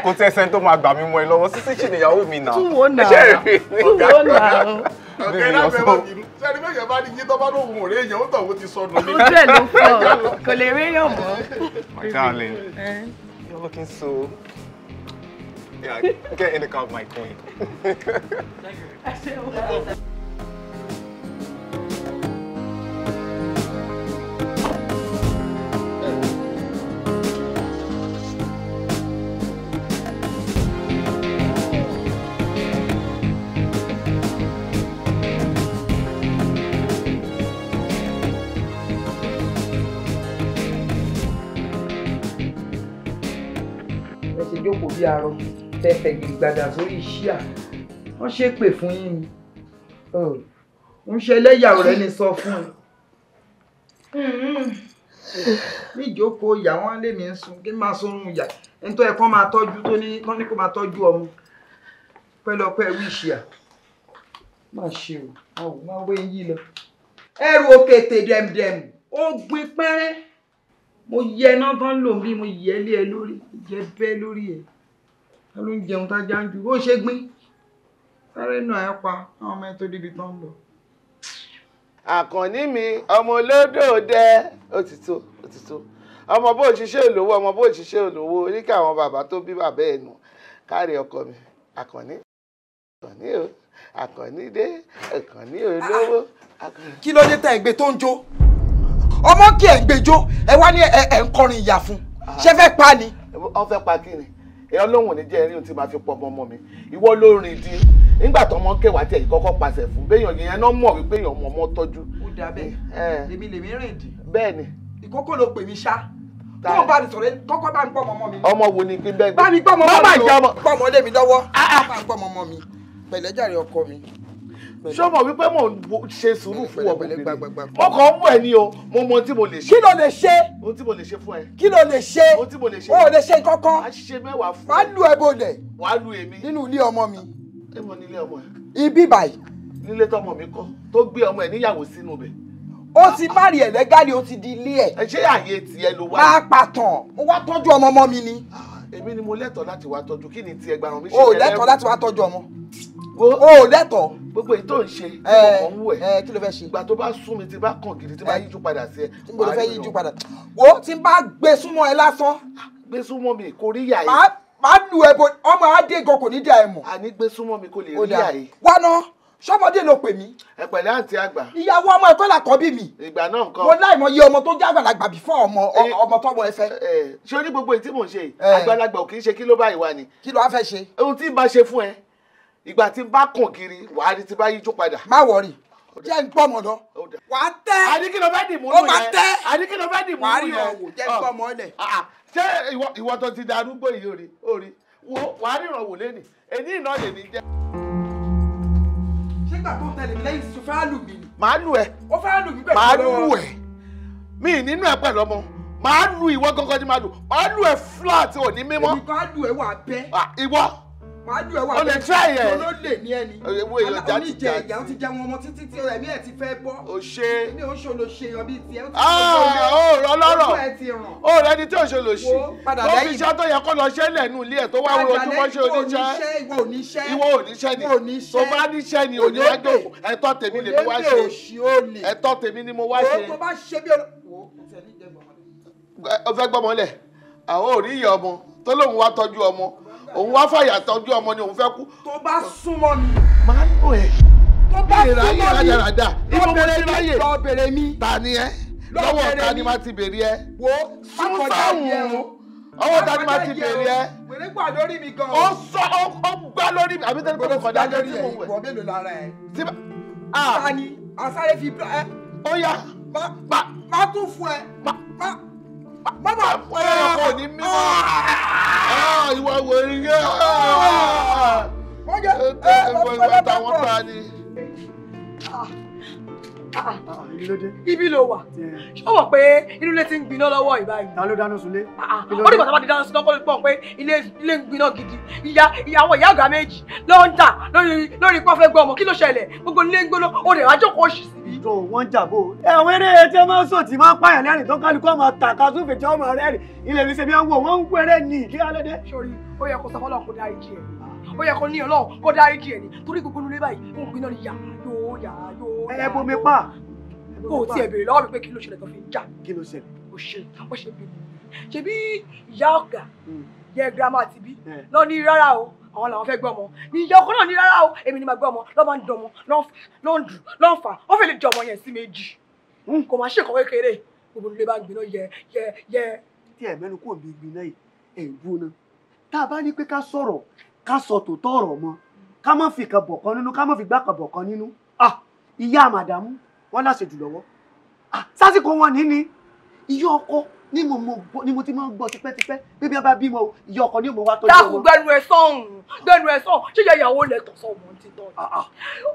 kò tẹ́ ẹsẹ̀ tó máa gbà mí mọ́ ẹ lọ́wọ́ sísí ṣì nìyàwó mi nà. túwò nà túwò nà. ọ̀gá iná fẹ́ wọ́n kìlú sẹ́ni bẹ́ẹ̀ bá ní yín tó lóhùn òun èèyàn ó tọ̀wọ́ ti sọnù mi. ojú ẹ̀ ló fọ kò lè rí èèyàn mọ́. my darling, you're looking so Yeah, get in the car, my queen. ẹ ṣe jókòó tẹ fẹ̀gbẹ̀gbàdà sórí iṣẹ́ à wọ́n ṣépè fún yín ni ń ṣe lẹ́yàwó rẹ ni sọ fún ẹ mm-hmm. níjókòó ìyá wọn lèmi ń sun kí n máa sunrun ìyá ẹni tó yẹ kó máa tọ́jú tó ní wọ́n ní kó máa tọ́jú ọmọ pẹ́lọpẹ́ wíṣì à má ṣe o àwọn ò máa wé yín lọ. ẹrù òkètè dẹ̀mdẹ̀m ó gbin pẹ́rẹ́ mo yẹ náà tán lòun bí mo yẹ lé ẹ lórí jẹ bẹ́ẹ̀ lórí ẹ ẹ ló ń jẹun tá jáǹjú ó ṣe gbín sáré nù ẹ pa àwọn ọmọ ẹ tó débi tán ń lọ. àkànní mi ọmọ olódò dẹ òtítọ́ òtítọ́ ọmọ bó ṣiṣẹ́ olówó ọmọ bó ṣiṣẹ́ olówó oríkà àwọn bàbá tó bí bàbá ẹ̀ nù kárí ọkọ mi àkànní àkànní o àkànní dé àkànní olówó. kí ló dé tá ẹ gbé tó ń jó ọmọ kí ẹ gbé jó ẹ wá ní ẹ ń kọrin ìyà fún ṣé fẹ́ pa ni. ó fẹ́ pa kí ni ẹ̀yọ́ lóhùn ní jẹ́ ẹ̀rín tí máa fi pọ̀ ọmọ mi ìwọ ló rìn dín nígbà tó ọmọ kẹwàá tẹ̀ yìí kọ́kọ́ pàṣẹ fún béèyàn yẹn náà mọ̀ wípé èèyàn ọmọ ọmọ tọ́jú. ó dà bẹ́ẹ̀ èmi lèmi rìn dín. bẹ́ẹ̀ ìkókó ló pè mí ṣá kó bá mi sọ̀rọ̀ kọ́kọ́ bá mi pọ̀ ọmọ mi. ọmọ wo ni gbígbẹ́ gbé. bá mi pọ̀ ah, ah. ọmọ mi lọ pọ̀ ọmọdé mi lọ́wọ́. bá mi pọ̀ ọmọ mi pẹ̀lẹ́jàre ọkọ mi ṣé mo wípé mò ń ṣe sùúrù fún ọmọbìnrin mo kàn ń mú ẹ ní o mo mọ ohun tí mo lè ṣe. kí ló lè ṣe. ohun tí mo lè ṣe fún ẹ. kí ló lè ṣe. ohun tí mo lè ṣe. o ò lè ṣe kankan. a ṣe mẹ́wàá fún ẹ. wàá lu ẹbọ lẹ̀. wàá lu èmi. nínú ilé ọmọ mi. èmo nílé ọmọ ẹ. ibi báyìí. nílé tọmọ mi kọ tó gbé ọmọ ẹ níyàwó sínú bẹ̀ ó ti bárì ẹ̀ lẹ́gàlì ó ti di ilé ẹ̀. ẹ ṣé àyè tiẹ̀ ló wá. máa pàtàn mo wá tọ́jú ọmọ ọmọ mi ni. Ah, èmi ni mo lẹ́tọ̀ọ́ láti wá tọ́jú kí ni tiẹ̀ gbàràn mi ṣe. o lẹ́tọ̀ọ́ láti wá tọ́jú ọmọ o lẹ́kọ̀ọ́ gbogbo èyí tó ń ṣe ọkọ̀ ń wù ẹ̀ kí ló fẹ́ ṣe ìgbà tó bá sún mi ti bá kàn gidi tí bá yíjú padà sí ẹ. tí mo lè fẹ́ yíjú padà wo tí bá gbé súnmọ́ ẹ lásán. Ah, gbé súnmọ́ mi kò rí yàrá. màá màá lu ẹbọ ọmọ adégan kò ní dí àìmọ̀. àní gbé súnmọ́ mi kò lè rí yàrá. wọnà sọmọdé ló pè mí. ẹ pẹ̀lẹ́ àǹtí àgbà. ìyàwó ọmọ ẹ̀kọ́ là kọ́ bí mi. ìgbà náà nǹkan. mo láìmọ iye ọmọ tó jẹ́ àgbàlagbà bí fún ọmọ ọmọ tọ́mọ ẹ ṣé o ní gbogbo èyí tí mò ń ṣe àgbàlagbà ò kì í ṣe kí ló báyìí wá ni. kí ló wá fẹ́ ṣe. ohun tí ì bá ṣe fún ẹ ìgbà tí n bá kàn kiri wàá di tí bá yíjú padà. má wọrí jẹ́ n gbọ́ ọmọ lọ. wà á tẹ́. àdìkí ló fẹ́ dì mú yẹn. àdìkí ló fẹ́ dì mú yẹn. wà á rí ọ̀wọ̀ jẹ́ n gbọ́ ọmọ ilẹ̀. Ah, ah. ṣé ìwọ tó ti darúgbó yìí orí orí wà á rí ìrànwọ́ lẹ́nì èyí iná lè ní jẹ́. ṣé gbà tẹ̀lé mi lẹ́yìn sùn fẹ́ lù mí màá lù ẹ. ó fẹ́ lù mí pẹ̀lú màá lù ẹ mi nínú ẹ pẹ̀lú ọmọ màá lù ìwọ gangan ni màá lù màá lù ẹ flat òní mímọ́. èmi kan á lù ẹ wà bẹ́ẹ̀. Ah, ìwọ màájú ẹ wà lè try ẹ ló lè ní ẹni ewo èèyàn jáde jáde ìyá ti jẹun ọmọ títí tí ẹ̀mí ẹ̀ ti fẹ́ bọ́ o ṣe ní oṣù ló ṣe yan bíi tiẹ̀ ó ah, rọ lọ́rọ̀ ó rẹ ni tí oṣù ló ṣe ó fi iṣẹ́ tó yẹ kó lọ ṣe lẹ́nu ilé ẹ̀ tó wá wo ojúmọ́ ṣe oníṣẹ́ ìwọ oníṣẹ́ ìwọ oníṣẹ́ tó bá níṣẹ́ ni òní wá jókòó ẹ̀tọ́ tèmi ni mo wá ṣe ẹ̀tọ́ tèmi ni mo wá ṣe. o fẹ́ gbọ́mọ lẹ̀ àwọn ò rí ìyá ọmọ tó lóun wá òun wá fàyà tọ́jú ọmọ ni òun fẹ́ kú. tó bá súnmọ́ mi. máa ń lò ẹ́ tó bá súnmọ́ mi rádaràda ibi mo lè ráyè lọ bèrè mi. ta ni ẹ lọ́wọ́ ta ni má ti bèrè ẹ. wo súnfà wù ọwọ́ ta ni má ti bèrè ẹ. wèrè gbà lórí mi gan. ó sọ ó gbá lórí mi àbí tẹ́lẹ̀ pé mo kọjá lórí ẹ ìwọ mélòó lára ẹ. tí a. ta ni asáré fi bá ẹ. ó yá. má má tún fún ẹ. má má má fún ẹ. ọ̀rọ̀ kò ní mímọ́. ìwà táwọn ta ni. Ibi ló wà. Ṣé o mọ̀ pé inú ilé ti ń gbiná lọ́wọ́ ìbáyìí? Ta ló dáná sunlé? Ah, ah. Ó dìgbà tó bá ti dáná sunlé kọ́lé pọ̀ pé ilé ń gbiná gidi. Ìyá ìyàwó ìyá àgbà méjì ló ń jà lórí pọ́fẹ́ gbọ́ ọmọ. Kí ló ṣẹlẹ̀? Gbogbo ilé ń gbóná. O lè wá jókòó oṣù síbi. Ìjọ wọn ń jàbó. Ẹ̀wọ̀n eré tí wọ́n máa ń sọ tí máa ń pààyàn lẹ́rìn tó kálukú ọmọ tàka sófè tí wọ́n máa rẹ́rìn. Ilẹ̀ ìlú ṣe bí wọ́n wọ̀ wọ́n ń ó yẹ kó ní ọlọ́run kó dárí jì ẹ̀ ní torí gbogbo nulẹ̀ báyìí òun gbiná ni yà yóò yà yóò. ẹ bomi pa. kó o tiẹ̀ béèrè lọ́wọ́ mi pé kí ló ṣẹlẹ̀ tó fi ń jà. kí ló ṣẹlẹ̀. o ṣe o ṣe bí ṣebí ìyá ọ̀gá hmm. yẹ girama àti bí eh. lọ ní rárá o àwọn làwọn fẹ́ gbọ́ ọmọ ìyá ọkọ náà ní rárá o èmi ni màá gbọ́ ọmọ lọ́ọ́ máa ń dọmọ lọ́ọ́ ń dù lọ́ọ́ ń fà wọ́n fẹ́ lè jọ ọmọ yẹn sí méjì hmm. kò máa ṣèkọ̀wé kéré gbogbo nílé bá ń gbiná yẹ yẹ yẹ. tí ẹ mẹ́nu kò ń bí gbiná yìí ń gbóná tá a bá ní pé ká sọ̀rọ̀ ká sọ tòótọ́ ọ̀rọ̀ mọ́ ká má fi kan bọ̀kan nínú ká má fi gbá kan bọ̀kan nínú ah, ìyá màdàmú wọn láṣẹ jù lọ́wọ́ ah, sásìkò wọn ní ni ìyá ọkọ ni mo ti máa ń gbọ́ bí bí a bá bímọ ìyá ọkọ ni mo wá tọ́jú ọmọ. dákun gbẹnu ẹ sọhùn gbẹnu ẹ sọhùn ṣé ìyàwó lẹ tọ sọ ọmọ ti tọ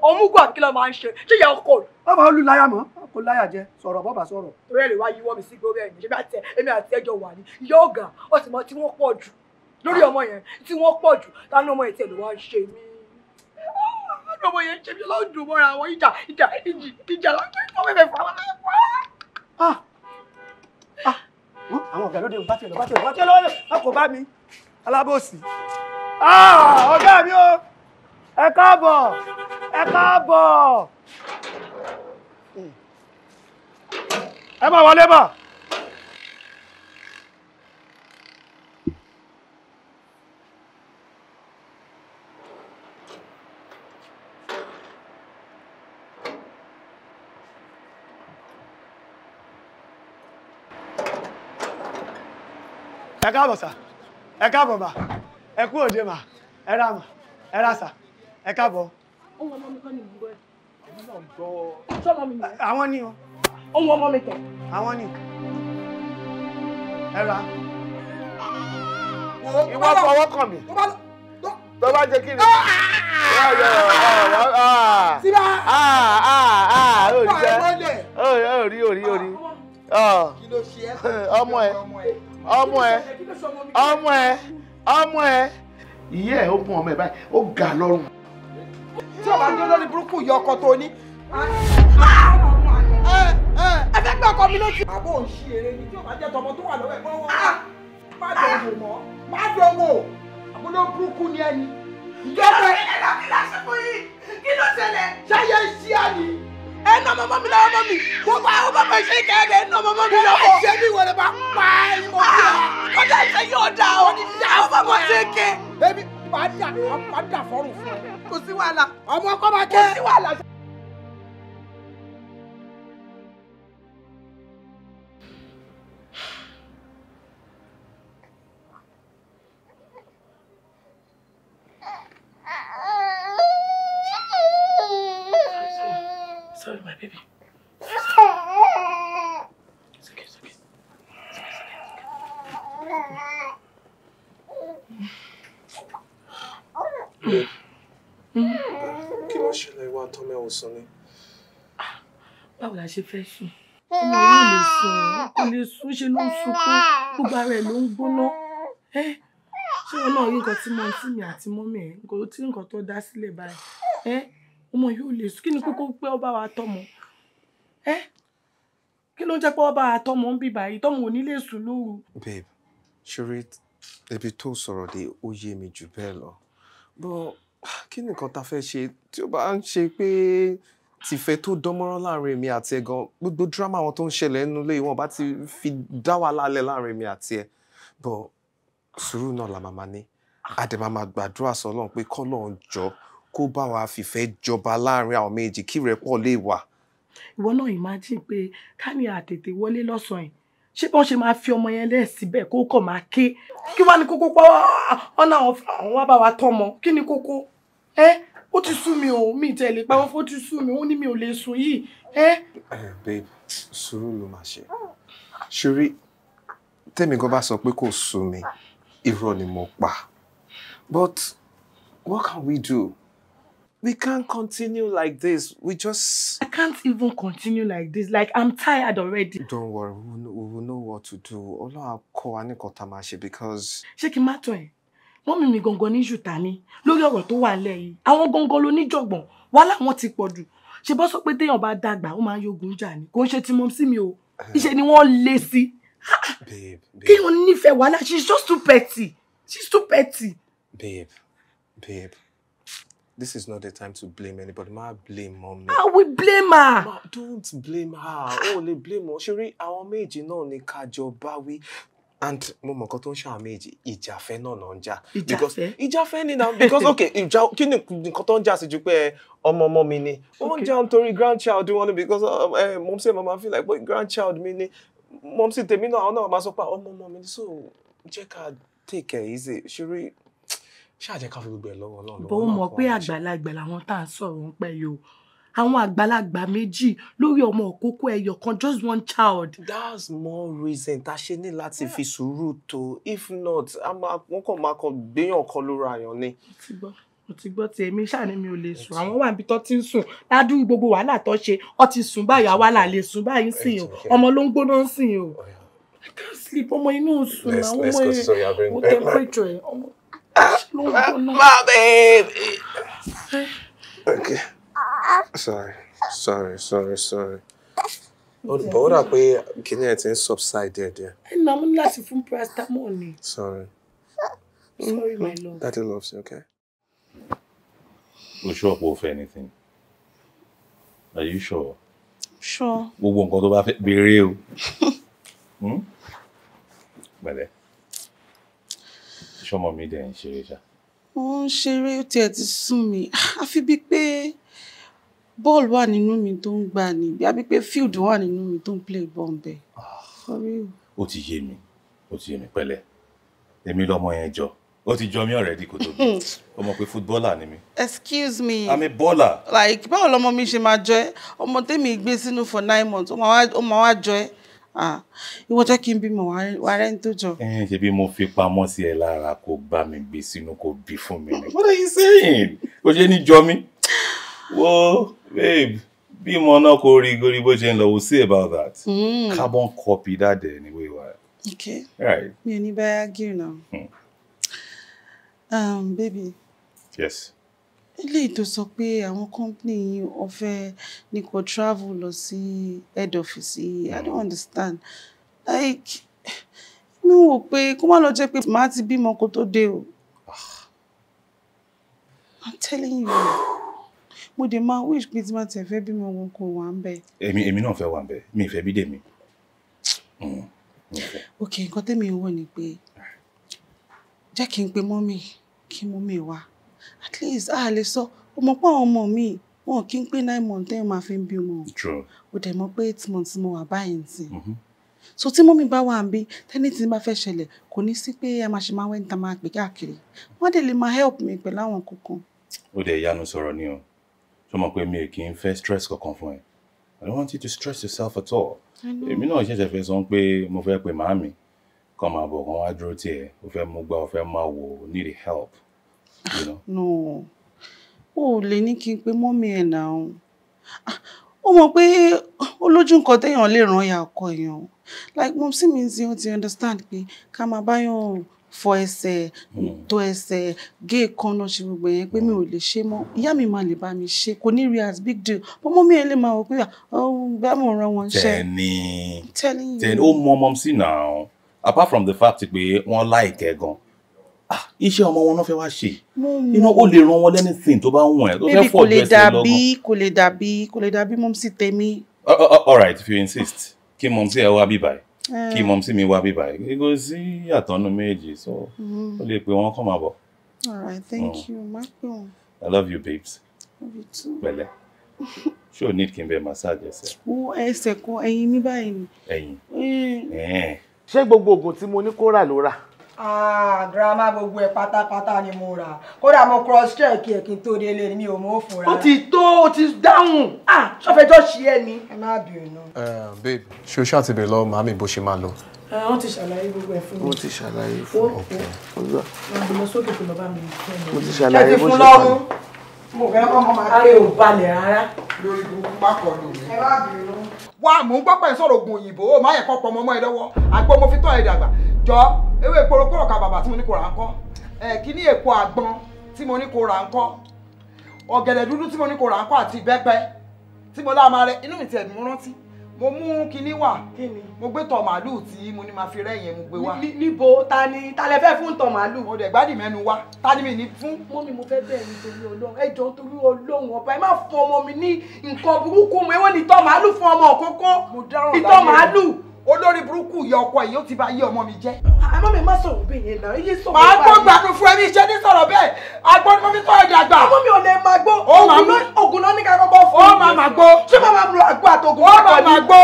ọmúgbà ah, kí ló máa ń ṣe ṣé ìyá ọkọ rẹ. bàbá olú láyà mọ kò láyà jẹ sọ̀rọ̀ bọba sọ̀rọ̀. torí ẹ lè wá yíwọ mi sí gbogbo ẹ̀yìn ṣé bí àti ẹmí àti ẹjọ́ wà ní ìyá ọgá ọsìn mọ tí wọn pọ̀ jù lórí ọmọ yẹn tí wọ́n pọ̀ jù tánú ọmọ yẹn tiẹ̀ ló wá ń ṣe mí ah, tánú ọmọ yẹn ń ṣe mí lọ́dún mọ́ra àwọn ìjà ìjà ìjì ìjà lọ́dún ìfọ̀ mẹ́fẹ̀ fún àwọn ọmọ ah, ah, àwọn ọ̀gá lóde bá tiẹ̀ lọ bá tiẹ̀ lọ bá tiẹ̀ lọ a kò bá mi alábòsí. ọ̀gá mi o ẹ káàbọ̀ ẹ káàbọ̀ ẹ máa wọlé bọ̀. ẹ káàbọ̀ sà ẹ káàbọ̀ mà ẹ kú òde mà ẹ rà mà ẹ rà sà ẹ káàbọ̀. ohun ọmọ mi kọ́ ni gbogbo ẹ̀. èmi náà gbọ́. sọ́mọ mi nìyẹn. àwọn ni o. ohun ọmọ mi kẹ. àwọn ni. ẹ rà. ìwọ fọwọ́ kàn mí. tó bá jẹ kí ni. síbá. ó rí ó rí ó rí. Ah, kí ló ṣe é. ọmọ ẹ ọmọ ẹ ọmọ ẹ ọmọ ẹ ìyá ẹ ó bùn ọmọ ẹ báyìí ó ga lọ́rùn. tí ọba dé lórí burúkú yọ ọkọ tó ní. Ah! Ah! Ah! Eh, eh, eh. ẹ fẹ́ gbé ọkọ mi lójú. àbò ń ṣe eré ni tí ọba jẹ́ tọmọ tó wà lọ́wọ́ ẹ̀ mọ́ wọn. má dọ̀wọ̀ mọ́ má dọ̀wọ̀ àbúrò burúkú ni ẹni. ìjọba ẹ̀ kí ló ṣẹlẹ̀ kí ló ṣẹlẹ̀. ṣáyẹ̀ ń ṣíà ni ẹ nà ọmọ mi lọ́wọ́ mama. mi mo bá àwọn bàbá ṣe kẹ́ẹ̀dẹ̀ ẹ nà ọmọ mi lọ́wọ́. ẹ ṣe bí wọlé bá pa ẹyin mọ́ bí wa. kọjá ṣe yóò dá o àwọn bàbá ṣe kẹ́. ebi padà padà fọrùn fún ọ. kò sí wàhálà. ọmọ ọkọ máa jẹ. kò sí wàhálà. la ṣe fẹ́ sùn ọmọ yóò lè sùn kò lè sùn ṣe ló ń sunkún gbogbo ara ẹ̀ ló ń gbóná ẹ ṣé ọlọ́run yìí nǹkan tí mo ń tì mí àti mọ́mí ẹ̀ nǹkan tí nǹkan tó dá sílẹ̀ báyìí ẹ ọmọ yóò lè sùn kí ni kókó pé ọba wa tọmọ ẹ kí ló ń jẹ́ pé ọba wa tọmọ ń bíbà yìí tọmọ ò ní lè sùn lóru. babe ṣeré ibi tó sọ̀rọ̀ dé ó yé mi jù bẹ́ẹ̀ lọ bọ́ kí nìkan ta fẹ́ ṣe tí ó bá ń ṣe pé tìfẹ́ tó dánmọ́rán láàrin èmi àti ẹ̀ gan gbogbo dírámà àwọn tó ń ṣẹlẹ̀ nínú ilé wọn bá ti fi dá wa lálẹ́ láàrin èmi àti ẹ̀ bọ̀ sùúrù náà la màmá ní àdèmà máa gbàdúrà sọlọ́n pé kọ́lọ́n jọ kó bá wa fìfẹ́ jọba láàrin àwọn méjì kí rẹ̀ pọ̀ lè wà. ìwọ náà imagine pé ká ní àtètè wọlé lọ́sàn-án yìí ṣé bọ́n ṣe máa fi ọmọ yẹn lẹ́ẹ̀ síbẹ̀ kó kọ̀ máa ké kí wá ní kókó pa ọ́nà àwọn wá bá wa tọ́ ọmọ kí ni kókó ẹ́ ó ti sú mi o mi tẹ̀ lè pawọ́ fó ti sú mi ó ní mi ò lè sùn yìí babe sùúrù ló máa ṣe ṣorí tẹ́mi gan bá sọ pé kò sú mi irọ́ ni mo pa but what can we do we can't continue like this we just. I can't even continue like this like I'm tired already. don't worry we will know what to do ọlọ́run á kọ́ wa ní nǹkan máa ṣe because. ṣé kí n má tán ẹ̀ mọ́mì mi gangan ní jùtà ni lórí ọ̀rọ̀ tó wà nílẹ̀ yìí àwọn gangan ló níjọ̀gbọ̀n wá láwọn ti pọ̀ jù ṣe bọ́ sọ pé téèyàn bá dàgbà ó máa ń yogun jà ni kò ń ṣe ti mọ́ sí mi o iṣẹ́ eh. ni wọ́n lé sí kéèyàn nífẹ̀ẹ́ wàhálà she's just too petty she's too petty. babe babe this is not the time to blame anybody ma blame mommy. Ah, we blame her. ma don't blame her o oh, le blame her ṣeré àwọn méjì náà ni kájọ báwí and mo mọ̀ nǹkan tó ń ṣàmì èjì ìjàfẹ́ náà náà ń jà. ìjàfẹ́ ìjàfẹ́ ni na because okay ìjà kí ni nǹkan tó ń jà sí ju pé ọmọ ọmọ mi ni wọ́n ń jà nítorí grandchild wọn ni because mọ̀ sí màmá feel like pé grandchild mi ni mọ̀ sí tèmi náà àwọn náà máa sọ pé ọmọ ọmọ mi ni so jẹ́ ká take care easy ṣeré ṣáà jẹ́ ká fi gbogbo ẹ̀ lọ́wọ́ ọlọ́run. bó mọ̀ pé àgbàlagbà làwọn tá à sọ̀rọ̀ ń pẹ́ yìí àwọn àgbàlagbà méjì lórí ọmọ òkókó ẹyọ kan just one child. that's more reason ta ṣe ní láti fi sùúrù tó if not wọn kàn máa kàn gbéyàn kan lóra àyàn ni. mo ti gbọ́ ti èmi ṣáà ni mi ò lè sùn àwọn wà níbi tó ti ń sùn ládùúgbò gbogbo wàhálà tó ṣe ọ ti sùn báyìí àwa là lè sùn báyìí sìn o ọmọ ló ń gbóná sìn o can't sleep ọmọ inú sùn àwọn ọmọ yẹn mo temperature ẹ ọmọ ah, ló ń gbóná. Eh. Okay sorry sorry sorry sorry But dà pé kíní ẹ ti ń subside díẹ̀ díẹ̀. ẹ nà mú láti fún paracetamol ni. sorry. sorry my love. daddy loves you okay. o sure kò for anything are you sure. sure. gbogbo nǹkan tó bá fẹ́ béèrè o. Hmm? pẹ̀lẹ́ sọmọ mi dẹ̀ ń ṣeré ṣá. ó ń ṣeré ó tiẹ̀ ti sún mi àfi bíi pé ball wà nínú mi tó ń gbà ní bí abí pé field wà nínú mi tó ń play ball bẹ́ẹ̀. ó ti yé mi ó ti yé mi pẹ̀lẹ́ èmi lọmọ yẹn jọ ó ti jọ mí already kó tó ọmọ pé footballer ni mi. excuse me i'm a baller. like báwo lọmọ mi ṣe máa jọ ẹ ọmọ tèmi gbé sínú for nine months ó máa wá jọ ẹ ìwọ jẹ́ kí n bímọ wà rẹ ń tó jọ. ẹ ṣe bí mo fi pamọ́ sí ẹ lára kó bá mi gbé sínú kó bí fún mi what are you saying kò ṣe ní jọ mí wọ́ọ́ babe bí mo náà kò rí gorí bó ṣe ń lọ we'll see about that mm. carbon copy that day anyway wa. okay right. mi ò ní báyà gír náà. Hmm. um baby. yes. eléyìí tó sọ pé àwọn company yìí ọ̀fẹ́ ni kò travel lọ sí head office yìí i don't hmm. understand like mi ò pé kó má lọ jẹ́ pé màá ti bímọ kó tó dé o. Ah. i'm telling you mo dé máa wish pé tí má tiẹ̀ fẹ́ bímọ wọn kò wà ń bẹ̀. èmi èmi náà fẹ́ wà ń bẹ̀ mi ìfẹ́ bí dèmi. Mm, ok nǹkan tẹ́mi ń wò ni pé jẹ́ kí n pe mọ́mì kí mọ́mì wá at least a lè sọ ọmọ pọ̀ àwọn ọmọ mi wọn kì í pé nine months tẹ́yìn máa fi ń bímọ o dẹ̀ mọ̀ pé eight months mo wà báyìí nsìn mm-hmm. so tí mọ́mí bá wà ń bí tẹ́ni tí bá fẹ́ ṣẹlẹ̀ kò ní sí pé ẹ máa ṣe máa wẹ́ńtà máa pè káàkiri wọ́n dẹ̀ lè máa help mi pẹ̀lú àwọn kankan. ó dẹ̀ ìyanu sọ̀rọ̀ ni o ṣé o mọ̀ pé mi ò kì í fẹ́ stress kankan fún ẹ i don't want you to stress yourself at all èmi náà ṣẹ̀ṣẹ̀ fẹ́ sọ pé mo fẹ́ pe màámi kàn máa bọ̀ kàn wá dúró tiẹ̀ o fẹ́ mú gbá o fẹ́ máa wò o need help. no o ò lè ní kí n pe mọ́mí ẹ̀ náà ó ah, mọ̀ pé olójú nǹkan téèyàn lè ràn ya ọkọ èèyàn like mom sí mi ti understand pé ká máa báyọ̀ fọ ẹsẹ̀ hmm. tọ́ ẹsẹ̀ gé èékánná ṣe gbogbo yẹn pé mi ò lè ṣe mọ́ ìyá mi máa lè bá mi ṣe kò ní rí as big deal but mọ́mí ẹ lè máa wọ pé ah, bẹ́ẹ̀ mo ràn wọ́n ṣe. tẹni tẹni ó mọ ọmọ sí náà apart from the fact pé wọ́n láìkẹ́ gan ah, iṣẹ́ ọmọ wọn náà fẹ́ wá ṣe iná ó lè ran wọn lẹ́nìsìn tó bá wùn ẹ̀ tó fẹ́ fọ̀ gbẹ́sẹ̀ lọ́gàn. kò lè dàbí kò lè dàbí mọ́mí sí tèmi. all right if you insist kí mọ́mí sí ẹ wá bíbáyìí Eh. kí mọ̀ sí mi wá bíbá yìí kò sí àtọ́nú méjì so mm. ó lè pe wọ́n kàn máa bọ̀. Mm. i love you babes. love you too. pẹ̀lẹ́ ṣé o need kí n bẹ massage ẹsẹ̀. wo ẹsẹ̀ kan ẹ̀yìn mi báyìí ni. Eh. ẹ̀yìn. ṣé gbogbo oògùn tí mo ní kó rà ló rà girama ah, gbogbo ẹ̀ pátápátá ni mo rà kódà mo cross check ẹ̀ kí n tó délé ni mi ò mọ̀ fún ra. ó ti tó ó ti dáhùn ah, ṣọfẹjọ ṣí ẹ ni. ẹ má bínú. Eh, babe ṣé o ṣáà ti bèrè lọ́wọ́ màmí bó ṣe máa lọ. Eh, wọ́n ti ṣàlàyé gbogbo ẹ̀ fún mi. wọ́n ti ṣàlàyé fún mi. wọ́n ti lọ sókè tó bàbá mi. wọ́n ti ṣàlàyé bó ṣe máa lọ. mo fẹ́ kọ́ ọmọ máa ké o balẹ̀ rárá lórí burúkú má kọ lù mí. ẹ má bínú. wá mò ń gbọ́pẹ́ sọ̀rọ̀ oògùn òyìnbó ó má yẹ kọ́ pọmọ mọ́ ẹ lọ́wọ́ àgbo mo fi tọ́ ẹ dàgbà jọ ewé poroko ọ̀ka bàbà tí mo ní kó ra ń kọ́ ẹ kíní èpo àgbọn tí mo ní kó ra ń kọ́ ọ̀gẹ̀dẹ̀ dúdú tí mo ní kó ra ń àti ìbẹ́pẹ tí mo lá máa rẹ inú mi tiẹ̀ mú rántí mo mú kinní wá mo gbé tọ̀ màálù tí mo ní ma fi rẹ́ yẹn mo gbé wá. níbo ta ni ta lẹ fẹ́ fún tọ̀ màálù. mo dẹ̀ gbádìí mẹ́nu wá ta ni mi ní fún. mọ́mí mo fẹ́ bẹ̀rẹ̀ nítorí ọlọ́run ẹ jọ̀ọ́ nítorí ọlọ́run ọba ẹ má fún ọmọ mi ní nǹkan burúkú mo ewé ni tọ̀ màálù fún ọmọ òkókó ìtọ̀ màálù olórí burúkú ìyá ọkọ yìí ó ti bá yé ọmọ mi jẹ́. àmọ́ mi má sọ̀rọ̀ bẹ́ẹ̀ yẹn náà iye sọ̀rọ̀ báyìí. màá gbọ́ gbàdúrà fún ẹni iṣẹ́ ní sọ̀rọ̀ bẹ́ẹ̀ agbọ́n mo fi sọ̀rọ̀ dàgbà. ọmọ mi ò lè máa gbó ògùn náà ní ká kọ́kọ́ fún mi. ó máa máa gbó. ṣé máa máa lo àgbo àtògùn náà máa máa gbó.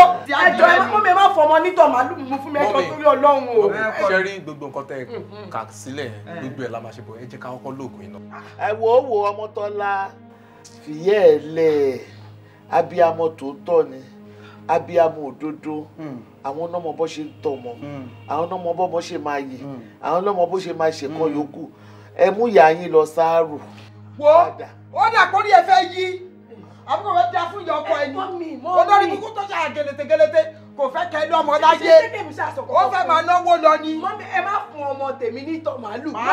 ẹjọ ẹ mọ mi má fọmọ nítọ̀ màálù mú fún mi ẹ mm, mm. jẹ́ ká ẹ wo abiyamọ tòótọ́ ni abiyamọ òdodo hmm àwọn ọmọ bó ṣe ń tọmọ hmm. àwọn ọmọ bọ́mọ ṣe máa yè hmm. àwọn ọmọ bó ṣe máa ṣèkọ hmm. yòókù ẹ mú ìyá yín lọ sáárù. wo ó dà kórí ẹ fẹ́ yí àbúrò rẹ da fún ìyá ọkọ ẹ ní olórí kúkú tó ṣe àgẹlẹtẹ gẹlẹtẹ kò fẹ́ kẹ́ ẹ lọ́mọ láyé ó fẹ́ máa náwó lọ ni. ẹ má fún ọmọ tèmi ní ìtọ̀ má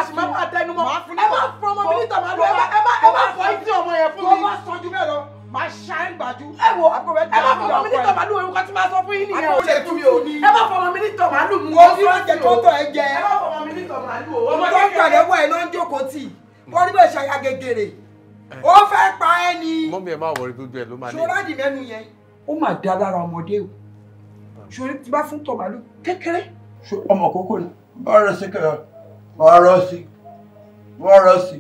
sì má má ẹ má fún ọmọ mi ní ìtọ̀ ẹ má fọ ọmọ yẹn fún mi máa ṣá ẹ gbàjú. ẹ wo ẹ má fọmọ mi ní tọ̀màlù òun kan tí máa sọ fún yín nìyẹn o. àkójẹ tún mi ò ní. ẹ má fọmọ mi ní tọ̀màlù mú o sọ sí o. ẹ má fọmọ mi ní tọ̀màlù o. ọmọ kékeré wọ ẹ ló ń jókòó tì wọ́n rí bẹ́ẹ̀ ṣaya gègèrè ó fẹ́ pa ẹ́ ni. mọ́mí ẹ má wọrí gbogbo ẹ ló máa ní. ṣọ́ra dì mẹ́nu yẹn ó máa da lára ọmọdé o ṣòrí ti bá fún tọ̀màlù kékeré. ọmọ kókó ni bọ́ọ̀rọ̀ sí kẹrọ bọ́ọ̀rọ̀ sí bọ́ọ̀rọ̀ sí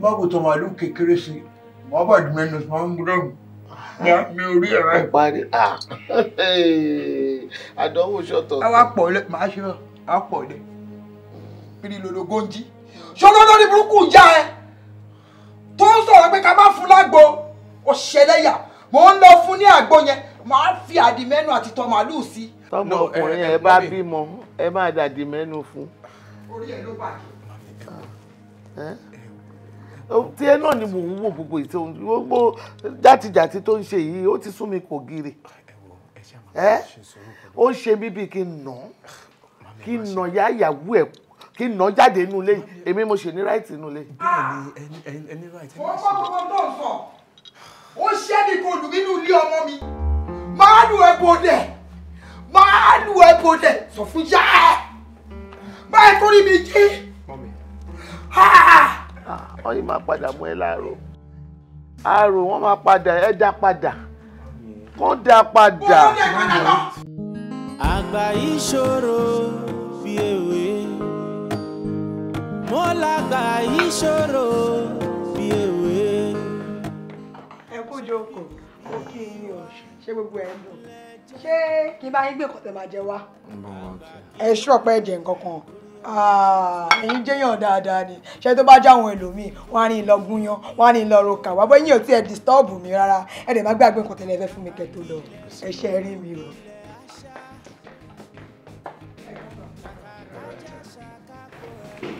mọ́gùn tọ̀màlù kékeré sí i wọ́n bọ̀ di mẹ́nu sọ́ńgúrọ́mù ní orí ẹ̀rọ. ó parí àdánwò ṣọ̀tọ̀. àwa pọ̀ lẹ màá ṣe àwa pọ̀ lẹ kiri lologo ń jí ṣọlọ lórí burúkú ìyá ẹ tó ń sọ̀rọ̀ pé ká má fún lágbo òṣèlẹ́yà mò ń lọ fún ní àgbo yẹn màá fi àdìmẹ́nu àti tọ́ màálù sí. tọ́mọ ọkùnrin ẹ bá bímọ ẹ máa dàdìmẹ́nu fún. orí ẹ ló bàjẹ́ tí ẹ náà ni mò ń wò gbogbo ìṣe ohun gbogbo játijàti tó ń ṣe yìí ó ti sún mi kò gírì ẹ ó ń ṣe bíbí kí n nà kí n nà yá ìyàwó ẹ kí n nà jáde inú ilé yìí èmi mo ṣe ní ráìtì inú ilé. bẹ́ẹ̀ni ẹni ẹni ráìtì. wọ́n kọ́ gbogbo tó ń sọ ó ṣẹ́ni kò lù nínú ilé ọmọ mi máa lù ẹ bòdẹ̀ máa lù ẹ bòdẹ̀ sọ fún yá ẹ báyìí torí mi jí kan yìí máa padà mú ẹ láàrò àrò wọn máa padà ẹ dá padà kán dá padà. àgbà ìṣòro fi èwe mo lágbà ìṣòro fi èwe. ẹ kú jókòó mo kí yín o ṣé gbogbo ẹ ń dùn ṣé kí n bá yín gbé kọtẹ máa jẹ wá ẹ ṣú ọpẹ ẹjẹ nǹkan kan. Ah, ẹ̀yin jẹ́yàn dáadáa ni ṣé tó bá já àwọn ẹlòmíì wọ́n á ní lọ gúnyán wọ́n á ní lọ roka wá bọ́ yín ò tí ẹ disturb mi rárá ẹ dẹ̀ má gbàgbé nǹkan tẹ́lẹ̀ fẹ́ fún mi kẹ́ tó lọ ẹ ṣe rí mi o.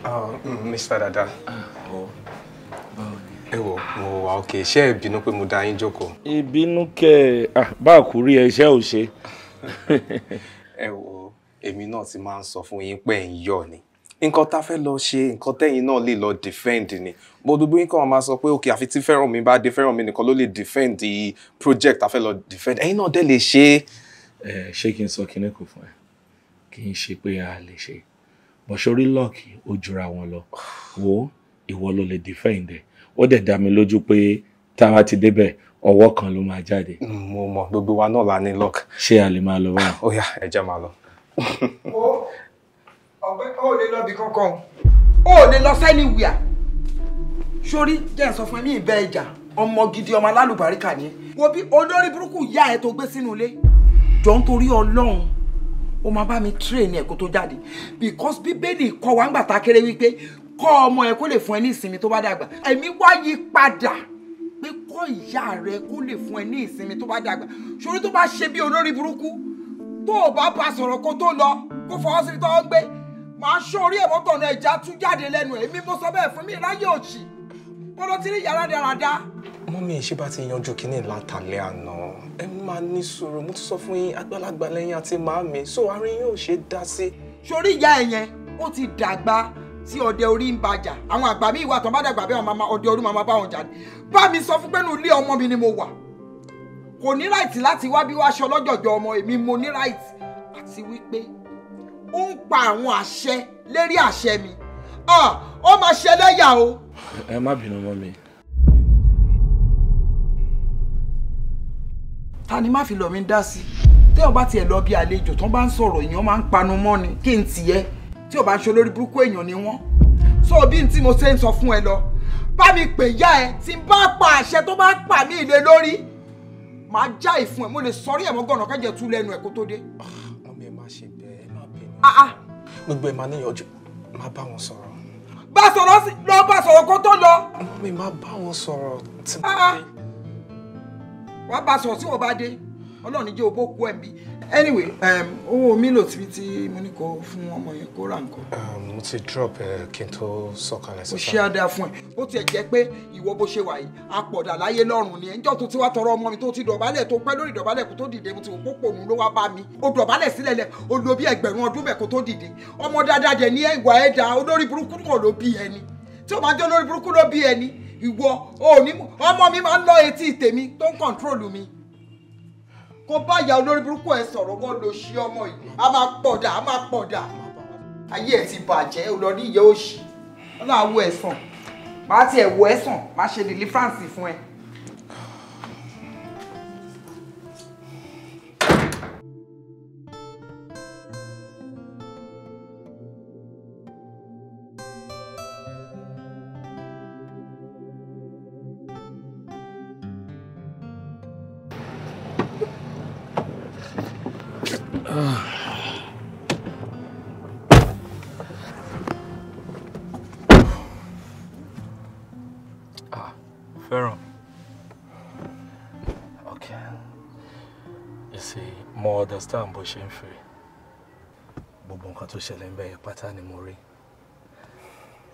Ah, Mr. Mm, Dada ah, oh. ẹ wò mo wà òkè ṣé ẹ bínú pé mo dá yín jókòó. ìbínú kẹ báà kú rí ẹ iṣẹ́ ò ṣe. ẹ wò èmi náà ti máa ń sọ fún yín pé ń yọ ni nǹkan tá a fẹ́ lọ ṣe nǹkan tẹ́yìn náà lè lọ defend ni mo gbogbo yín kàn máa sọ pé òkè àfi tí fẹ́ràn mi bá dé fẹ́ràn mi nìkan ló lè defend the project a fẹ́ lọ defend ẹ̀yin náà dẹ́ lè ṣe é. ẹ ṣé kí n sọ kinní kò fún ẹ kí n ṣe pé a lè ṣe bọ̀ṣọ́rí lọ́ọ̀kì ó jura wọn lọ wo ìwọ ló lè defend ẹ ó dẹ̀ dá mi lójú pé tá a bá ti débẹ̀ ọwọ́ kan ló máa jáde. mo mọ gbogbo wa náà la ní lọ́ọ̀kì. ṣé a lè máa lọ báyìí. ó yá ẹ jẹ́ máa lọ ó ọ̀gbẹ́ ó lè lọ bí kankan ó lè lọ sẹ́ni wíà sórí jẹ́ ń sọ fún mi ìbẹ́ ìjà ọmọ gidi ọmọ alálùbáríkà ni wo bí olórí burúkú ìyá ẹ tó gbé sínú ilé jọ ń torí ọlọ́run ó máa bá mi train ẹ kó tó because bíbélì kọ́ wa ń gbà tá kéré ko kọ́ ọmọ ẹ kó lè fún ẹ ní ìsinmi tó bá dàgbà ẹ̀mí wá yí padà pé kọ́ ìyá rẹ kó lè fún ẹ ní ìsinmi tó bá dàgbà ṣòro tó bá ṣe bí olórí tó o bá bá sọ̀rọ̀ kó tó lọ kó fọwọ́ sí tọ́ gbé màá ṣọ́ orí ẹ̀wọ́n tọ̀nà ẹ̀já tún jáde lẹ́nu èmi mo sọ bẹ́ẹ̀ fún mi ráyè òṣì mo lọ ti rí yàrá dáradá. mú mi ìṣe bá ti yanjú kínní látàlẹ́ àná ẹ máa ní sọ̀rọ̀ mo ti sọ fún yín àgbàlagbà lẹ́yìn àti màámi so àárín yóò ṣe dá sí. sórí ìyá ẹ yẹn ó ti dàgbà tí ọdẹ orí ń bàjà àwọn àgbà mi ìwà àtọ̀ bá dàgbà bẹ́ẹ̀ ọ̀dẹ orí màmá bá wọn jáde bá mi sọ fún pẹ́ẹ́nu ilé ọmọ mi ni mo wà kò ní ráìtì láti wá bí wá aṣọ lọ́jọ̀jọ̀ ọmọ èmi mo ní ráìtì àti wípé ó ń pa àwọn àṣẹ lérí àṣẹ mi ó máa ṣe lẹ́yà o. ẹ má bínú mọ́ mi. ta ni má fi lọ mi dá sí tí o bá tiẹ̀ lọ bí àlejò tó bá ń sọ̀rọ̀ èèyàn máa ń panu mọ́ ni kí n tiẹ̀ tí o ń ṣe olórí burúkú èèyàn ni wọ́n so bí n tí mo ṣe ń sọ fún ẹ lọ bá mi pè yá ẹ tí n bá pa àṣẹ tó bá pa mí ilé lórí màá já ìfun ẹ̀ mo lè sọrí ẹ̀ mọ́gànnà kẹ́jẹ̀ tú lẹ́nu ẹ̀ kó tó dé. Ah, mọ́mí ẹ má ṣe bẹ́ẹ̀ ẹ má bẹ́ẹ̀. Ah, ah. gbogbo ẹ máa níyànjú má bá wọn sọ̀rọ̀. bá a sọ̀rọ̀ sí lọ bá a sọ̀rọ̀ kó tó lọ. mọ́mí má bá wọn sọ̀rọ̀ tí mo dé. wàá bá a sọ̀rọ̀ tí wọ́n bá dé ọlọ́run ní jẹ́ òbó kú ẹ̀ anyway um, owó mílò tí tí mo ní kó fún ọmọ yẹn kó ra nǹkan. Um, mo ti drop eh, kí n tó sọ̀kalẹ̀ sísá. o ṣe adá fún ẹ ó tiẹ̀ jẹ́ pé ìwọ bó ṣe wà yìí apọ̀dà láyé lọ́rùn ni ẹjọ́ tó ti wá tọrọ ọmọ mi tó ti dọ̀bálẹ̀ tó pẹ́ lórí dọ̀bálẹ̀ kó tó dìde mo ti wò pópò òun ló wá bá mi ó dọ̀bálẹ̀ sílẹ̀ lẹ̀ ó lo bí ẹgbẹ̀rún ọdún bẹ̀ kó tó dìde ọmọ dáadáa jẹ̀ ní ìwà ẹ̀dá olórí burúkú kan ló bí ẹni tí ó máa jẹ́ olórí burúkú ló bí ẹni ìwọ òní ọmọ mi máa ń lọ etí tèmi tó ń kọ̀ńtrólù mi kó bá ìyá olórí burúkú ẹ sọ̀rọ̀ wọ́n lo ṣí ọmọ yìí a máa pọ̀dà a máa pọ̀dà ayé ẹ ti bàjẹ́ ó lọ ní ìyá òṣì ọlọ́run àwọ̀ ẹ̀sán màá tiẹ̀ wọ ẹ̀sán màá ṣe deliverance fún ẹ. understand bó ṣe ń fẹ́ gbogbo nǹkan tó ṣẹlẹ̀ ń bẹ̀ ni mo rí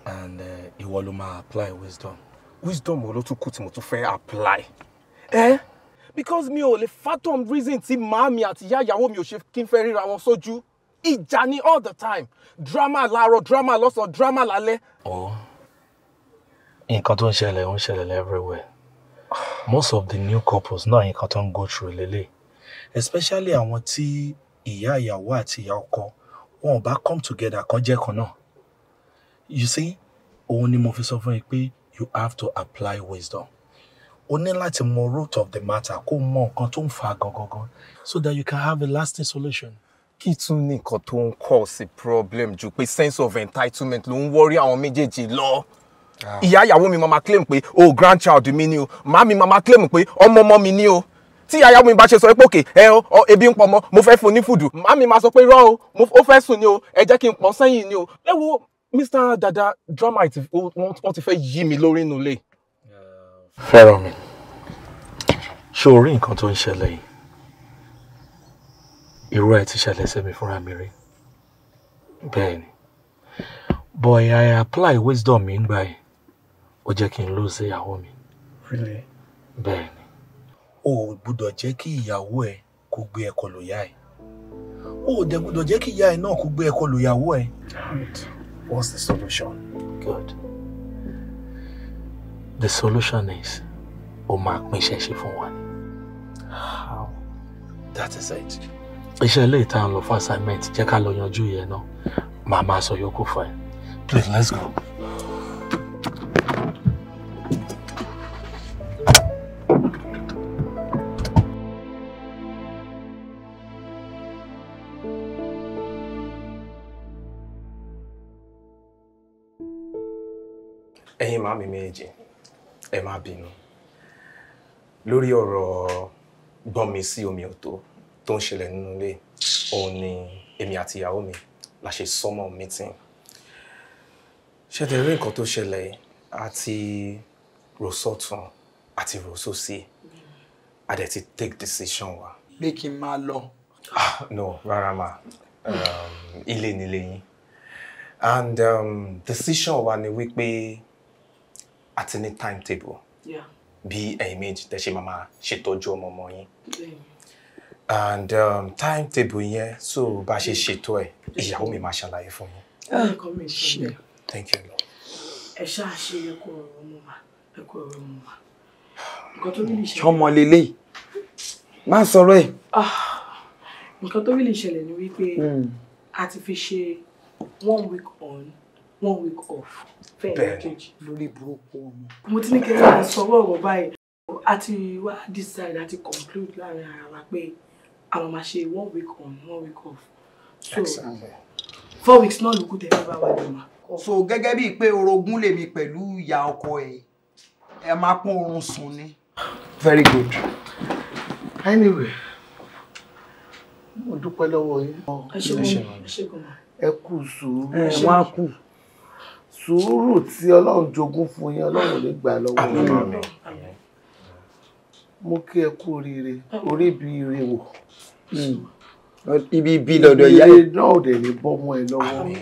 and eh, ìwọ ló máa apply wisdom wisdom wo ló tún kù tí mo tún fẹ́ apply Eh? because mi ò lè fathom reason tí màámi àti ìyá ìyàwó mi ò ṣe kí n fẹ́ ríra wọn sójú ìjà ni all the time drama láàárọ̀ drama lọ́sàn-án drama lálẹ́. ọ̀ nǹkan tó ń ṣẹlẹ̀ ń ṣẹlẹ̀ everywhere most of the new couples náà nǹkan tó ń go through lélẹ̀ especially àwọn tí ìyá ìyàwó àti ìyá ọkọ wọn ò bá come together kan jẹ́ kan náà you see òun ni mo fi sọ fún yín pé you have to apply wisdom o ní láti mọ root of the matter kó mọ nǹkan tó ń fa gangan so that you can have a lasting solution. kí tún ní nǹkan tó ń cause problem ju pé sense of entitlement ló ń wọ́rí àwọn méjèèjì lọ ah. ìyá ìyàwó mi máa ma claim pé o oh, grandchild mi ni o màá mi claim pé ọmọ ọmọ mi ni o tí aya mi bá ṣe sọ pé òkè ẹ ọ ebi ń pọmọ mo fẹ́ fún ní fùdù mami máa sọ pé rọ o ó fẹ́ sùn ni o ẹ jẹ́ kí n pọ́n sẹ́yìn ni o ẹ Mr. Dada drama wọ́n ti fẹ́ yí mi lórí inú ilé. Fẹ́ràn mi ṣé o rí nǹkan tó ń ṣẹlẹ̀ yìí irú ẹ̀ ti ṣẹlẹ̀ sẹ́mi fúnra mi rí bẹ́ẹ̀ ni boy I apply wisdom mi ń gbà yìí ó jẹ́ kí n lose ìyàwó mi. Really? bẹ́ẹ̀ ni o ò gbúdọ̀ jẹ́ kí ìyàwó ẹ kó gbé ẹ kọlù ìyá ẹ o ò dẹ̀ gbúdọ̀ jẹ́ kí ìyá ẹ náà kó gbé ẹ kọlù ẹ. What's the solution? Good. The solution is o máa pín iṣẹ́ ṣe fún wa How? That is it. Iṣẹ́ ilé ìta ń lọ fún assignment jẹ́ ká lọ yanjú ìyẹn náà. Màá máa sọ yòókù fún ẹ. Please let's go. màmí méjì ẹ má bínú lórí ọ̀rọ̀ gbọ́nmi sí omi ọ̀tó tó ń ṣẹlẹ̀ nínú ilé òun ni èmi àti ìyàwó mi la ṣe sọ́mọ̀ meeting ṣẹ̀dẹ̀ nǹkan tó ṣẹlẹ̀ àti rosotun àti rososi a dẹ̀ ti take decision wa. pé kí n máa lọ. ah no rárá ma um, ilé nílé yín and um, decision wa ni wípé àti ní timetable bí ẹ̀yin méjì tẹ́ ṣe máa máa ṣètọ́jú ọmọ ọmọ yín and um, timetable yẹn so bá ṣe ṣètò ẹ̀ ìyàwó mi máa ṣàlàyé fún yín. thank you lord. ẹ ṣáà ṣe ẹ kó ọ̀rọ̀ ọmọ wa ẹ kó ọ̀rọ̀ ọmọ wa nǹkan tó ní ìṣẹ̀lẹ̀. ọmọ lélẹ́yìí má sọ̀rọ̀ ẹ̀. Ah, nǹkan tó ní ìṣẹ̀lẹ̀ ni wípé hmm. a ti fi ṣe one week on one week off fẹ́ẹ̀ kejì lórí burúkú ọmọ. mo ti ní kí ẹ máa sọwọ́ ọ̀rọ̀ báyìí a ti wá decide a ti conclude láàrin ara wa pé a máa ṣe one week on one week off so four weeks náà ló kù tẹ̀ fẹ́ bá wa dùn wa. so gẹ́gẹ́ bíi pé orogún lèmi pẹ̀lú ìyá ọkọ ẹ̀ ẹ máa pọ́n oorun sùn ni. very good anyway mo dúpẹ́ lọ́wọ́ yín. ẹ ṣe gan-an ẹ kú sùúrù ẹ wá kù sùúrù tí ọlọ́run jogún fún yín ọlọ́run lè gbà lọ́wọ́ yín mo kí ẹ kú oríire orí ibi ire wò hmm. ibi ibi lọ́dọ̀ ìyá ire náà ò dẹ̀ lè bọ́mọ ẹ lọ́wọ́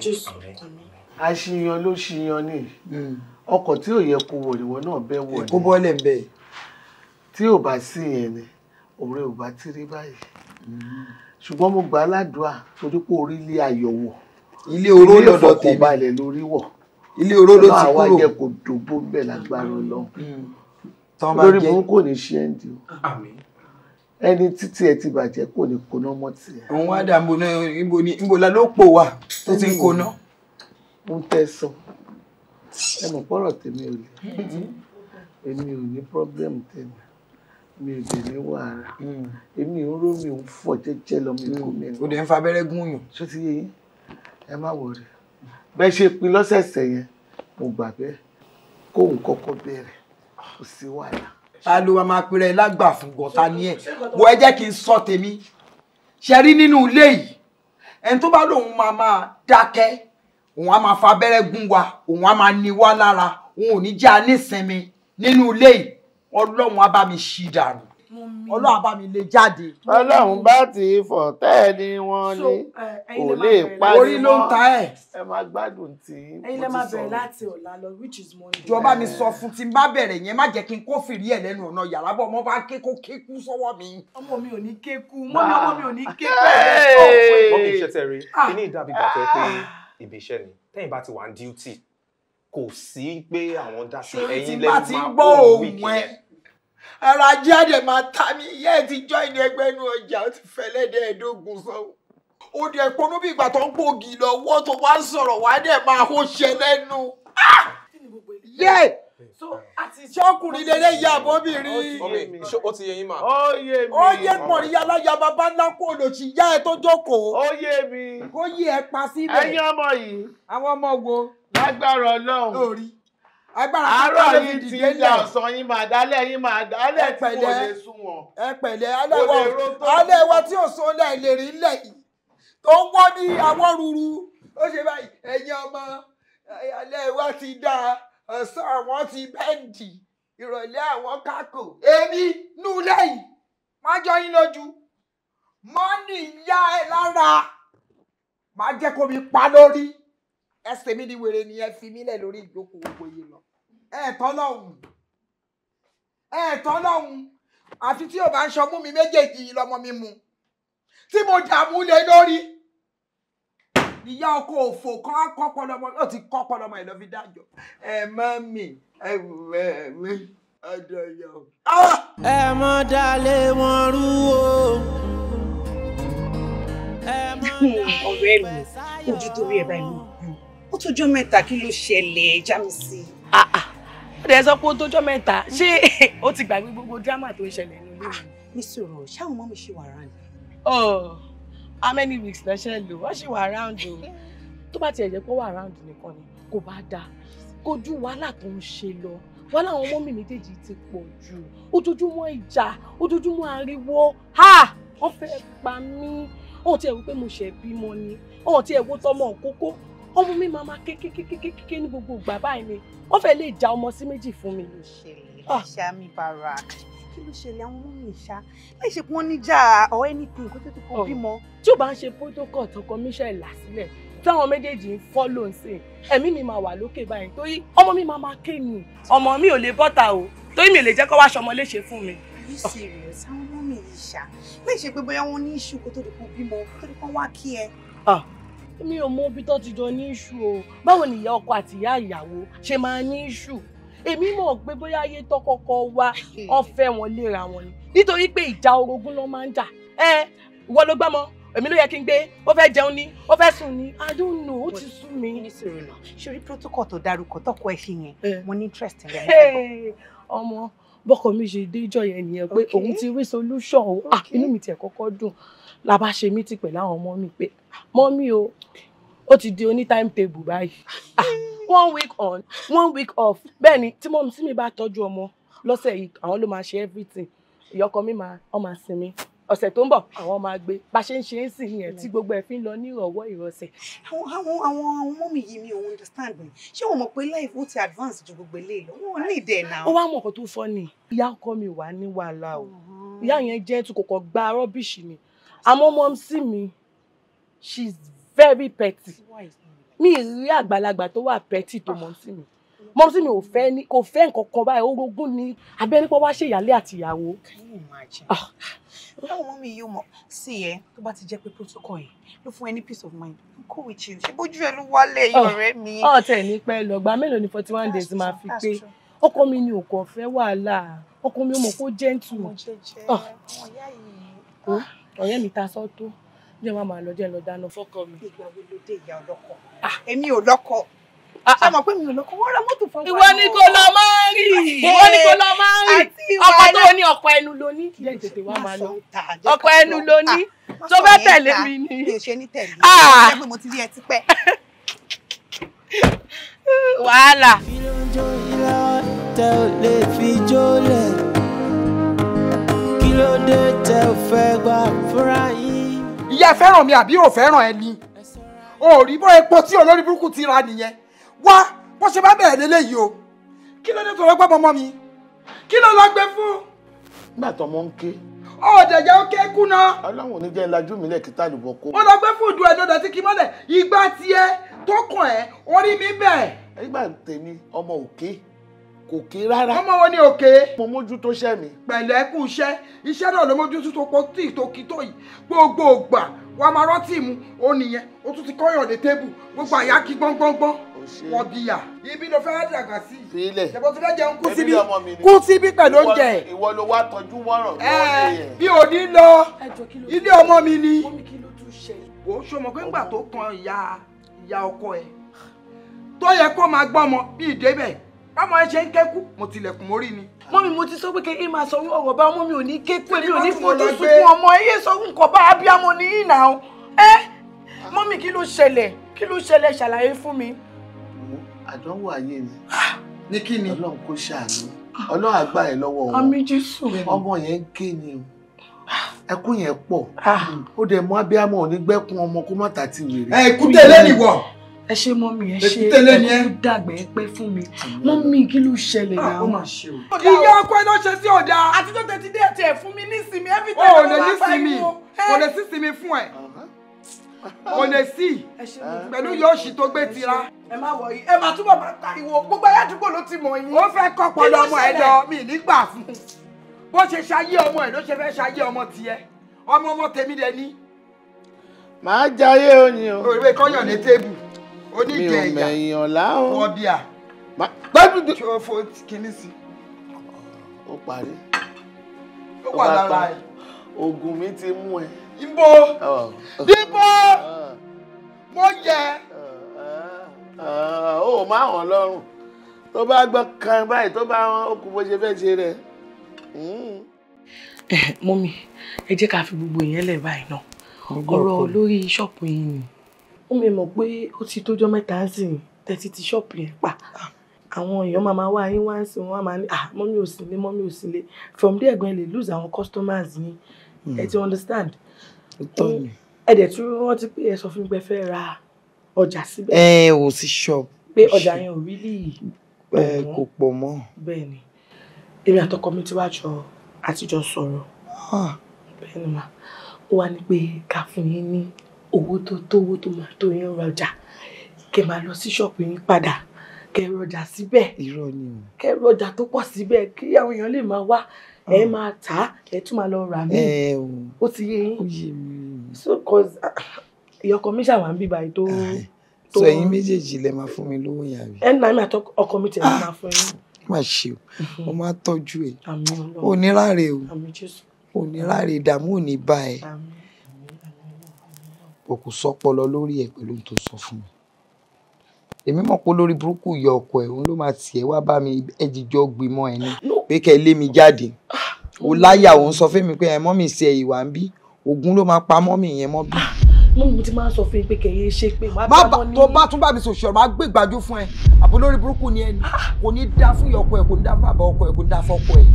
aṣiyan ló ṣiyan ni hmm. ọkọ̀ tí ò yẹ kó wọ̀ níwọ̀ náà bẹ́ wọ̀ ni kó bọ́lẹ̀ bẹ́ẹ̀ tí ò bá sí yẹn ni ọ̀rẹ́ ò bá ti rí báyìí hmm. ṣùgbọ́n mo gbà á ládùúà torí pé orí ilé ayọ̀ ilé oró tèmi ilé ìfọkànbalẹ̀ lórí wọ̀ ilé oró ló ti kúrò. àwọn àjẹ kò dòbó bẹ́ẹ̀ lágbára Ọlọ́run lórí mú kò ní ṣe ẹndì o ẹni títí ẹ ti bàjẹ́ kò ní kóná mọ́ ti ẹ. òun wá dà mbọ náà ìbò ni ìbò la ló pò wá tó ti ń kóná. ń tẹ sọ ẹ mọ̀ pọ́rọ̀ tèmi ò lè èmi ò ní pọ́blẹ́mù tèmi mi ò dẹ̀ ní wàhálà mm. èmi ò ń ò ń fọ̀ jẹ́jẹ́ lọ mi kò mm. mi. o dẹ̀ ń fa abẹ́rẹ́ gún yàn. sọ ti yé ẹ má wọ̀rẹ̀ bẹ́ẹ̀ ṣe pin lọ́sẹ̀ẹ̀sẹ̀ yẹn mo gbà bẹ́ẹ̀ kóun kọ́kọ́ bẹ̀rẹ̀ kò sí wàhálà. ta ló wa máa pèrè lágbà fún gọ̀tà ní ẹ̀ wo ẹ jẹ́ kí n sọ tèmi ṣe rí nínú ilé yìí ẹni tó bá lóun máa máa dákẹ́ òun á máa fa abẹ́rẹ́ gún wa òun á máa ní wa lára òun ò ní jẹ́ anísinmi nínú ilé yìí ọlọ́run á bá mi ṣí dànù ọlọ́run bá mi lè jáde. ọlọ́run bá ti fọ̀ tẹ́ ẹ ní wọ́n ní kò lè parí mọ́ orí ló ń ta ẹ̀. ẹ máa gbádùn tí mo ti sọ. ẹ̀yin lè máa bẹ̀rẹ̀ láti ọ̀la lọ which is money. ìjọba mi sọ fún tí n bá bẹ̀rẹ̀ yẹn má jẹ́ kí n kó fìrí ẹ̀ lẹ́nu ọ̀nà yàrá bọ̀ ọmọ bá ké kó kékú sọ́wọ́ mi. ọmọ mi ò ní kékú mọ́ mi ọmọ mi ò ní kékú. ọmọ mi iṣẹ́ tẹ̀ rí ah. kí ní ìdábì bàtẹ́ pé ah. ibi iṣẹ́ ni tẹ́yìn bá ti wà ní duty kò sí pé àwọn dá ara ajé àdè máa ta mí ìyá ẹ ti jọ ìní ẹgbẹ́ inú ọjà ó ti fẹ́ lẹ́dẹ̀ ẹ̀ẹ́dógún sọ́wọ́ ó dẹ̀ ponú bí ìgbà tó ń gbòógì lọ́wọ́ tó wá ń sọ̀rọ̀ wá dẹ̀ máa hó ṣẹ lẹ́nu. Ah! yẹ́ẹ̀ sọkùnrin lè lè ya àbọ̀bìnrin. ó ti yé yín mà. ó yé mi. ó yé pọ̀nrín aláya bàbá ńlá kó olòṣì yá ẹ tó jókòó. ó yé mi. kó yí ẹ pa síbẹ̀. ẹ̀yin ọmọ yìí. àwọn ọmọ wo. lágbára Ọlọ́run agbára kápá ló fi dìde lẹ ọsàn yín máa dálẹ̀ yín máa dálẹ̀ tí kò lè sún wọn. ẹ pẹ̀lẹ́ alẹwọ alẹwọ tí ò sún lẹ ìlérí lẹ yìí tó ń wọ ní awọ ruru ó ṣe báyìí ẹ̀yin ọmọ alẹwọ ti dá ọsàn àwọn ti bẹǹdì ìrọ̀lẹ́ àwọn kákò èmi nù lẹ́yìn má jọ yín lójú mọ́nì yá ẹ lára má jẹ́ kó mi pa lórí ẹsẹ̀ mi ni wèrè nìyẹn fi mí lẹ̀ lórí ìjókòó gbogbo lọ ẹ̀ẹ̀tọ́ lọ́hùn ẹ̀ẹ̀tọ́ lọ́hùn àfi tí o bá ń ṣọmú mi méjèèjì yìí lọ́mọ mi mu tí mo dààmú lé lórí ìyá ọkọ òfò kan á kọ́ pọlọmọ ó ti kọ́ pọlọmọ ẹ̀ lọ́ fi dájọ́ ẹ má mi ẹ wẹ̀ mí ọdọ yọ. ẹ mọ ah! dalé wọn rú o. ọ̀rẹ́ mi ojú tó rí ẹ̀ báyìí ó tọjọ́ mẹ́ta kí ló ṣẹlẹ̀ já ó dẹ̀ sọ pé ó tójọ́ mẹ́ta ṣé ó ti gbàgbé gbogbo dírámà tó ń ṣẹlẹ̀ nínú ilé mi. mi sọ̀rọ̀ ṣáwọn mọ́ mi ṣì wà ráàndì. oh how many weeks lọ ṣe lò wọ́n ṣì wà ráàndì o tó bá tiẹ̀ jẹ́ pé ó wà ráàndì nìkan ni kò bá dáa kojú wàhálà tó ń ṣe lọ wàhálà àwọn ọmọ mi méjèèjì ti pọ̀ jù ojoojúmọ́ ìjà ojoojúmọ́ ariwo ha wọ́n fẹ́ pa mí ọ̀hún tiẹ̀ wò pé mo ṣẹ̀ bímọ ni ọ̀hún tiẹ̀ wò tọmọ kókó ọmọ mi máa máa kékékékékéké ní gbogbo ìgbà báyìí ni wọ́n fẹ́ lè já ọmọ sí méjì fún mi. ìṣẹ̀lẹ̀ ìṣá ah. mi bàrà kí ló ṣẹlẹ̀ àwọn ọmọ mi ìṣá láì ṣe pé wọ́n níjà or anything kó tó ti kó oh. bímọ. tí ò bá ń ṣe protocol tọkọ michelle là sílẹ̀ táwọn méjèèjì ń fọ́ ló ń sìn ẹ̀mí mi máa wà lókè báyìí torí ọmọ mi máa máa ké ni ọmọ mi ò lè bọ́ta o torí mi lè jẹ́ kó wá ṣọmọ léṣe fún mi. are you serious àwọn ọmọ mi yìí ṣá láì ṣe pé bóyá wọn ní iṣu kó tó di kó mi ò mọ ibi tó ti jọ ní iṣu o báwo ni ìyá ọkọ àti ìyá ìyàwó ṣe máa ní iṣu èmi mọ̀ pé bóyá ayé tó kọ́kọ́ wá wọn léra wọn ni nítorí pé ìjà orogún ló máa ń jà ẹ ìwọ ló gbámọ èmi ló yẹ kí n gbé ó fẹ́ jẹun ni ó fẹ́ sùn ni i don't know ó ti sú mi. nísìrì náà ṣorí protocol tó dárúkọ tọkọ ẹ fi yẹn eh. mo ní interest rẹ. ọmọ bọkọ mi ṣe déjọ yẹn nìyẹn pé òun ti rí solution o ah, inú mi tiẹ̀ kọ́kọ́ dùn la bá ṣe mí ti pẹ̀lú àwọn ọmọ mi pé ah, mọ́mí o ó ti di oní time table báyìí ah, one week on one week off bẹ́ẹ̀ ni tí mọ́mí sí mi bá tọ́jú ọmọ lọ́sẹ̀ yìí àwọn ló máa ṣe everything ìyọkọ mi máa ọmọ àsinmi ọ̀sẹ̀ tó ń bọ̀ àwọn máa gbé bá ṣe ń ṣe é sì yẹn tí gbogbo ẹ̀ fi ń lọ ní ìrọ̀wọ́ ìrọ̀sẹ̀. àwọn àwọn àwọn mọ́mì yìí mi ò understand mi ṣé wọn mọ̀ pé life ó ti advance ju gbogbo eléyìí lọ wọn ní ìdẹ̀ náà. ó wá mọ̀ nǹkan tó fọ́ ni ìyá ọkọ mi wà ní wàhálà o uh-huh. ìyá yẹn jẹ́ tukọ̀kọ̀ gba rọ́bìṣì ni àmọ́ mọ́mísì mi she's very petty mi rí àgbàlagbà tó wà petty tó ah. mọ sí mi mọ sí mi ò fẹ́ ní kò fẹ́ nǹkan kan báyìí orogún ni abẹ́nípọ̀ wá ṣe ìyálé àti ìyàwó. báwo mọ́ mi yóò mọ̀ sí ẹ eh, tó bá ti jẹ́ pé protocol yẹn ló fún ẹ ní peace of mind i'm cool with you ṣe bójú ẹ ló wálé ah. ọ̀rẹ́ mi. ọ̀tẹ̀ ah, ní pẹ́ lọ́gbà mélòó ni forty one days máa fi pé ọkọ mi ni ò kàn fẹ́ wàhálà ọkọ mi ò mọ̀ kó gentle. ọ̀rẹ́ mi ta sọ́tò jẹ́ máa máa lọ jẹ́ lọ dáná fọ́kọ mi. ìgbà wo ló dé ìyá ọlọ́kọ ah. èmi ò lọ́kọ sọmọ ah, ah. pé mi ò lọ́kọ wọ́n ra mọ́tò fọ́kọ. ìwọ ni kò lọ máa ń rí ìwọ ni kò lọ máa ń rí ọkọ tó ní ọkọ ẹnu ló ní jẹ́ tètè wá máa lọ ọkọ ẹnu ló ní tó fẹ́ tẹ̀lé mi ni. mi ò ṣe ní tẹ̀lé ẹ mo ti rí ẹ tipẹ́. wàhálà. tẹ ò lè fi jólẹ̀ kí ò fẹ́ gbà fúnra yìí bóyá fẹ́ràn mi àbí ò fẹ́ràn ẹni o rí bó epo tí olórí burúkú ti ra nìyẹn wá bó ṣe bá bẹ̀rẹ̀ lélẹ́yìí o kí ló dé tó lọ ọmọ mi kí ló lọ gbé fún. nígbà tó mọ ń ké. ọ̀dẹ̀jẹ̀ ó ké náà. ọlọ́run ní jẹ́ lajú mi lẹ́ẹ̀kí tá àlùbọ̀ kó. wọ́n lọ gbé fún ìdú ẹ̀dọ́dọ̀ tí kì í mọ́lẹ̀ ìgbà tiẹ̀ tó kàn ẹ́ orí mi bẹ̀. ìgbà tèmi ọmọ òkè kò ké rárá. ọmọ wo ni òkè. mo mójútó iṣẹ́ mi. pẹ̀lú ẹkú iṣẹ́ iṣẹ́ náà ló mójútó tó tí ìtòkító yìí gbogbo ògbà wa máa rántí mu ó nìyẹn ó tún ti kọ́yàn dé tébù gbogbo àyà kí gbọ́ngbọ́ngbọ́n wọ́n bí yà. ibi ló fẹ́ dàgbà sí. sílẹ̀ ṣèbó tó fẹ́ jẹun kú síbí kú síbí pẹ̀lú oúnjẹ. ìwọ ló wá tọ́jú wọ́rọ̀ lọ́wọ́ yẹn. bí ò ní lọ ilé ọmọ mi ni. ó ṣọmọ pé ńgbà tó kan ìyá ìyá ọkọ ẹ tó yẹ kó máa gbọ́mọ bí ìdébẹ̀ báwọn ẹ ṣe ń kẹ́kú mo tilẹ̀kùn mórí ni. mọ́mi mo ti sọ pé kí n máa sọ ọ̀rọ̀ bá ọmọ mi ò ní kékú èmi ò ní fojú sunkún ọmọ ẹyẹ sọrun nǹkan bá abiyamọ ní yìí náà ẹ mọ́mi kí ló ṣẹlẹ̀ kí ló ṣẹlẹ̀ ṣàlàyé fún mi. àdánwò ayé mi ah! ní kí ni ọlọ́run kò ṣàánú ọlọ́run àgbà ẹ̀ lọ́wọ́ wọn àmì jésù ọmọ yẹn ń ké ni o ah! ẹkún yẹn pọ̀ ah! ó dẹ̀ mú abiyamọ ò ní gbẹ́kún ọmọ kó má tà ti wèrè. ẹ kú tẹ́lẹ̀ nìwọ ẹ ṣe mọ mi ẹ ṣe ẹ kú dàgbà pẹ́ fún mi mọ mi kí ló ṣẹlẹ̀ ah, náà. ó mà ṣe o. ìyá ọkọ ẹ ló ṣe sí ọ̀dà. àti tó tẹ̀tí dé tiẹ̀ fún mi nísìmí every time ló máa pa kò lè sí sinmi fún ẹ kò lè sí uh-huh. pẹ̀lú yóò ṣì tó gbé tira. ẹ má wọ yìí ẹ má túbọ̀ máa ta ìwọ gbogbo ayé àdúgbò ló ti mọ̀ yín. ó fẹ́ kọ́ pọ̀lọ ọmọ ẹ lọ mi nígbà fún bó ṣe ṣayé ọmọ ẹ ló ṣe fẹ́ ṣayé ọmọ tiẹ̀ ọmọ ọmọ tèmi dẹ ní. màá jayé oyin o. òwe kọ́yàn ní tébù oníjẹ ìyà mi ò mẹ̀yìn ọ̀la o wọ bíà gbẹ́dúdú tí o fo kínní sí. ó parí ó wà lára ẹ. oògùn mi ti mú ẹ. ibo dípò mo jẹ. ó máa hàn lọ́rùn tó bá gbọ́ kan báyìí tó bá okùn bó ṣe fẹ́ ṣe rẹ̀. Hmm. Eh, mọ́mí ẹ jẹ́ ká fi gbogbo ìyẹn lẹ̀ báyìí náà ọ̀rọ̀ lórí ṣọ́ọ̀pù yìí ni ó mi mọ̀ pé ó ti tójọ́ mẹ́ta sí i tẹ́tí ti ṣọ́ọ̀pù yẹn pa àwọn èèyàn máa wá yín wá sí wọn máa ní ah mọ́mí ò sílé mọ́mí ò sílé from there gan lè lose àwọn customers yín hmm. ẹ ti understand ẹ dẹ̀ tún rántí pé ẹ sọ fún mi pé fẹ́ ra ọjà síbẹ̀. ẹ ò sí ṣọ́ọ̀bù. pé ọjà yẹn ò rí lì. ẹ kò pọ̀ mọ́. bẹ́ẹ̀ ni èmi àtọkọ mi ti wá jọ àtijọ́ sọ̀rọ̀ ah. bẹ́ẹ̀ ni mà ó wá ní pé ká fún yín ní owó tó tówó tó máa tó yín rọjà kẹ máa lọ sí ṣọ́ọ̀bù yín padà kẹ rọjà síbẹ̀ irọ́ ni o kẹ rọjà tó pọ̀ síbẹ̀ kí àwọn èèyàn lè máa wá ẹ ah. máa tà á ẹ tún máa lọ rà mí ó ti yé yín so cause ìyọkọ mi ṣàwọn àbí báyìí ah, tó. so ẹ̀yin méjèèjì lẹ máa fún mi lówó yàrá mi. ẹn náà mi àti ọkọ mi tẹ̀lé máa ah, fún yín. má ṣe o mhm. mo máa tọ́jú ẹ oníláre o oníláre ìdààmú ò ní bá ẹ o kò sọpọlọ lórí ẹ pẹ̀lú ohun tó sọ fún mi èmi mọ̀ pé olórí burúkú ìyá ọkọ ẹ̀ òun ló máa tiẹ̀ wá bá mi ẹ jíjọ́ gbìmọ̀ ẹ̀ ni pé kẹ́ lé mi jáde ah. o láyà òun sọ fún mi pé ẹ mọ́ mi ṣe ìwà ń bí ogun ló máa pa mọ́ mi yẹn mọ́ bí. mú ah. mi ti máa sọ fún yín pé kẹ̀yẹ́ ṣe pé wàá bá wọn ní. tó bá tún bá mi sòṣì ọ̀rọ̀ máa gbé ìgbàjú fún ẹ àbò lórí burúkú ni ẹ ní ah. kò ní dá fún ìyá ọkọ ẹ kò ní dá fún bàbá ọkọ ẹ kò ní dá fún ọkọ ẹ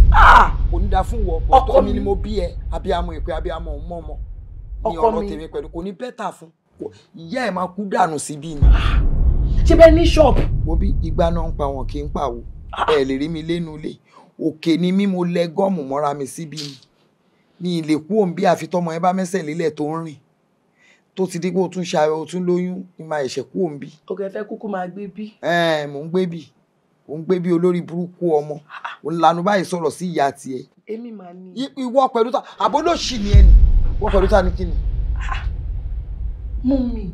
kò ní dá fún ìwọ ọkọ mi ni mo bí ẹ abiyamọ ìpè abiyamọ ọmọ ọmọ ọkọ mi tèmi pẹ̀lú kò ní bẹ́tà fún ìyá ẹ̀ máa kú dànù síbí ni. Ah, ṣé ní ṣọ́ọ̀bù. wo bí igba náà ń pa wọn kì í pàwọ́ ah. ẹ lè rí mi lẹ́nu ilé òkè ni mí mo lẹ gọ́ọ̀mù mọ́ra mi síbí ni ní ilé kú òun bí àfitọ́mọ ẹ bá mẹ́sẹ̀ lélẹ̀ tó ń rìn tó ti dé o tún ṣàwẹ o tún lóyún ni máa ẹ̀ṣẹ̀ kú òun bí. òkè fẹ́ kúkú máa gbé bí. ẹ mò ń gbé bí ò ń gbé bí olórí burúkú ọmọ ah, òun lanu báyìí sọ̀rọ̀ sí ìyá tiẹ̀. èmi máa ní. ìwọ pẹ̀lú ta àbólóṣì ni ẹni wọ́n pẹ̀lú ta ni kí ni. mummy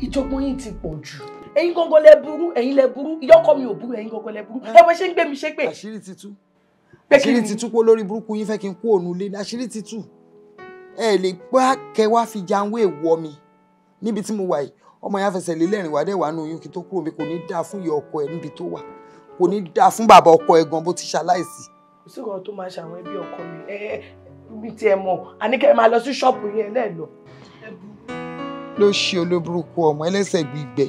ìjọgbọ́n yín ti pọ̀ jù ẹ̀yin gangan lẹ burú ẹ̀yin lẹ burú ìyọkọ mi ò burú ẹ̀yin gangan lẹ burú ẹ bẹ ṣe ń gbé mi ṣe pé. àṣírí ti tú àṣírí ti tú pé olórí burúkú yín fẹ́ kí n kú òun lé àṣírí ti tú ẹ lè gbá kẹwà fi janwó èèwọ̀ mi níbi tí mo wà yìí ọmọ yẹn afẹsẹ̀ lé lẹ́rìn wàdẹ́ wà nù oyún kí tó kúrò mi kò ní dáa fún ìyá ọkọ ẹ níbi tó wà kò ní dáa fún bàbá ọkọ ẹ gan bó ti ṣaláìsí. kò tó máa ṣàwọn ẹbí ọkọ mi mi ti ẹ̀ mọ̀ àníkẹ́ máa lọ sí ṣọ́ọ̀bù yẹn lẹ́ẹ̀lọ. ló ṣe olóburúkú ọmọ ẹlẹ́sẹ̀ gbígbẹ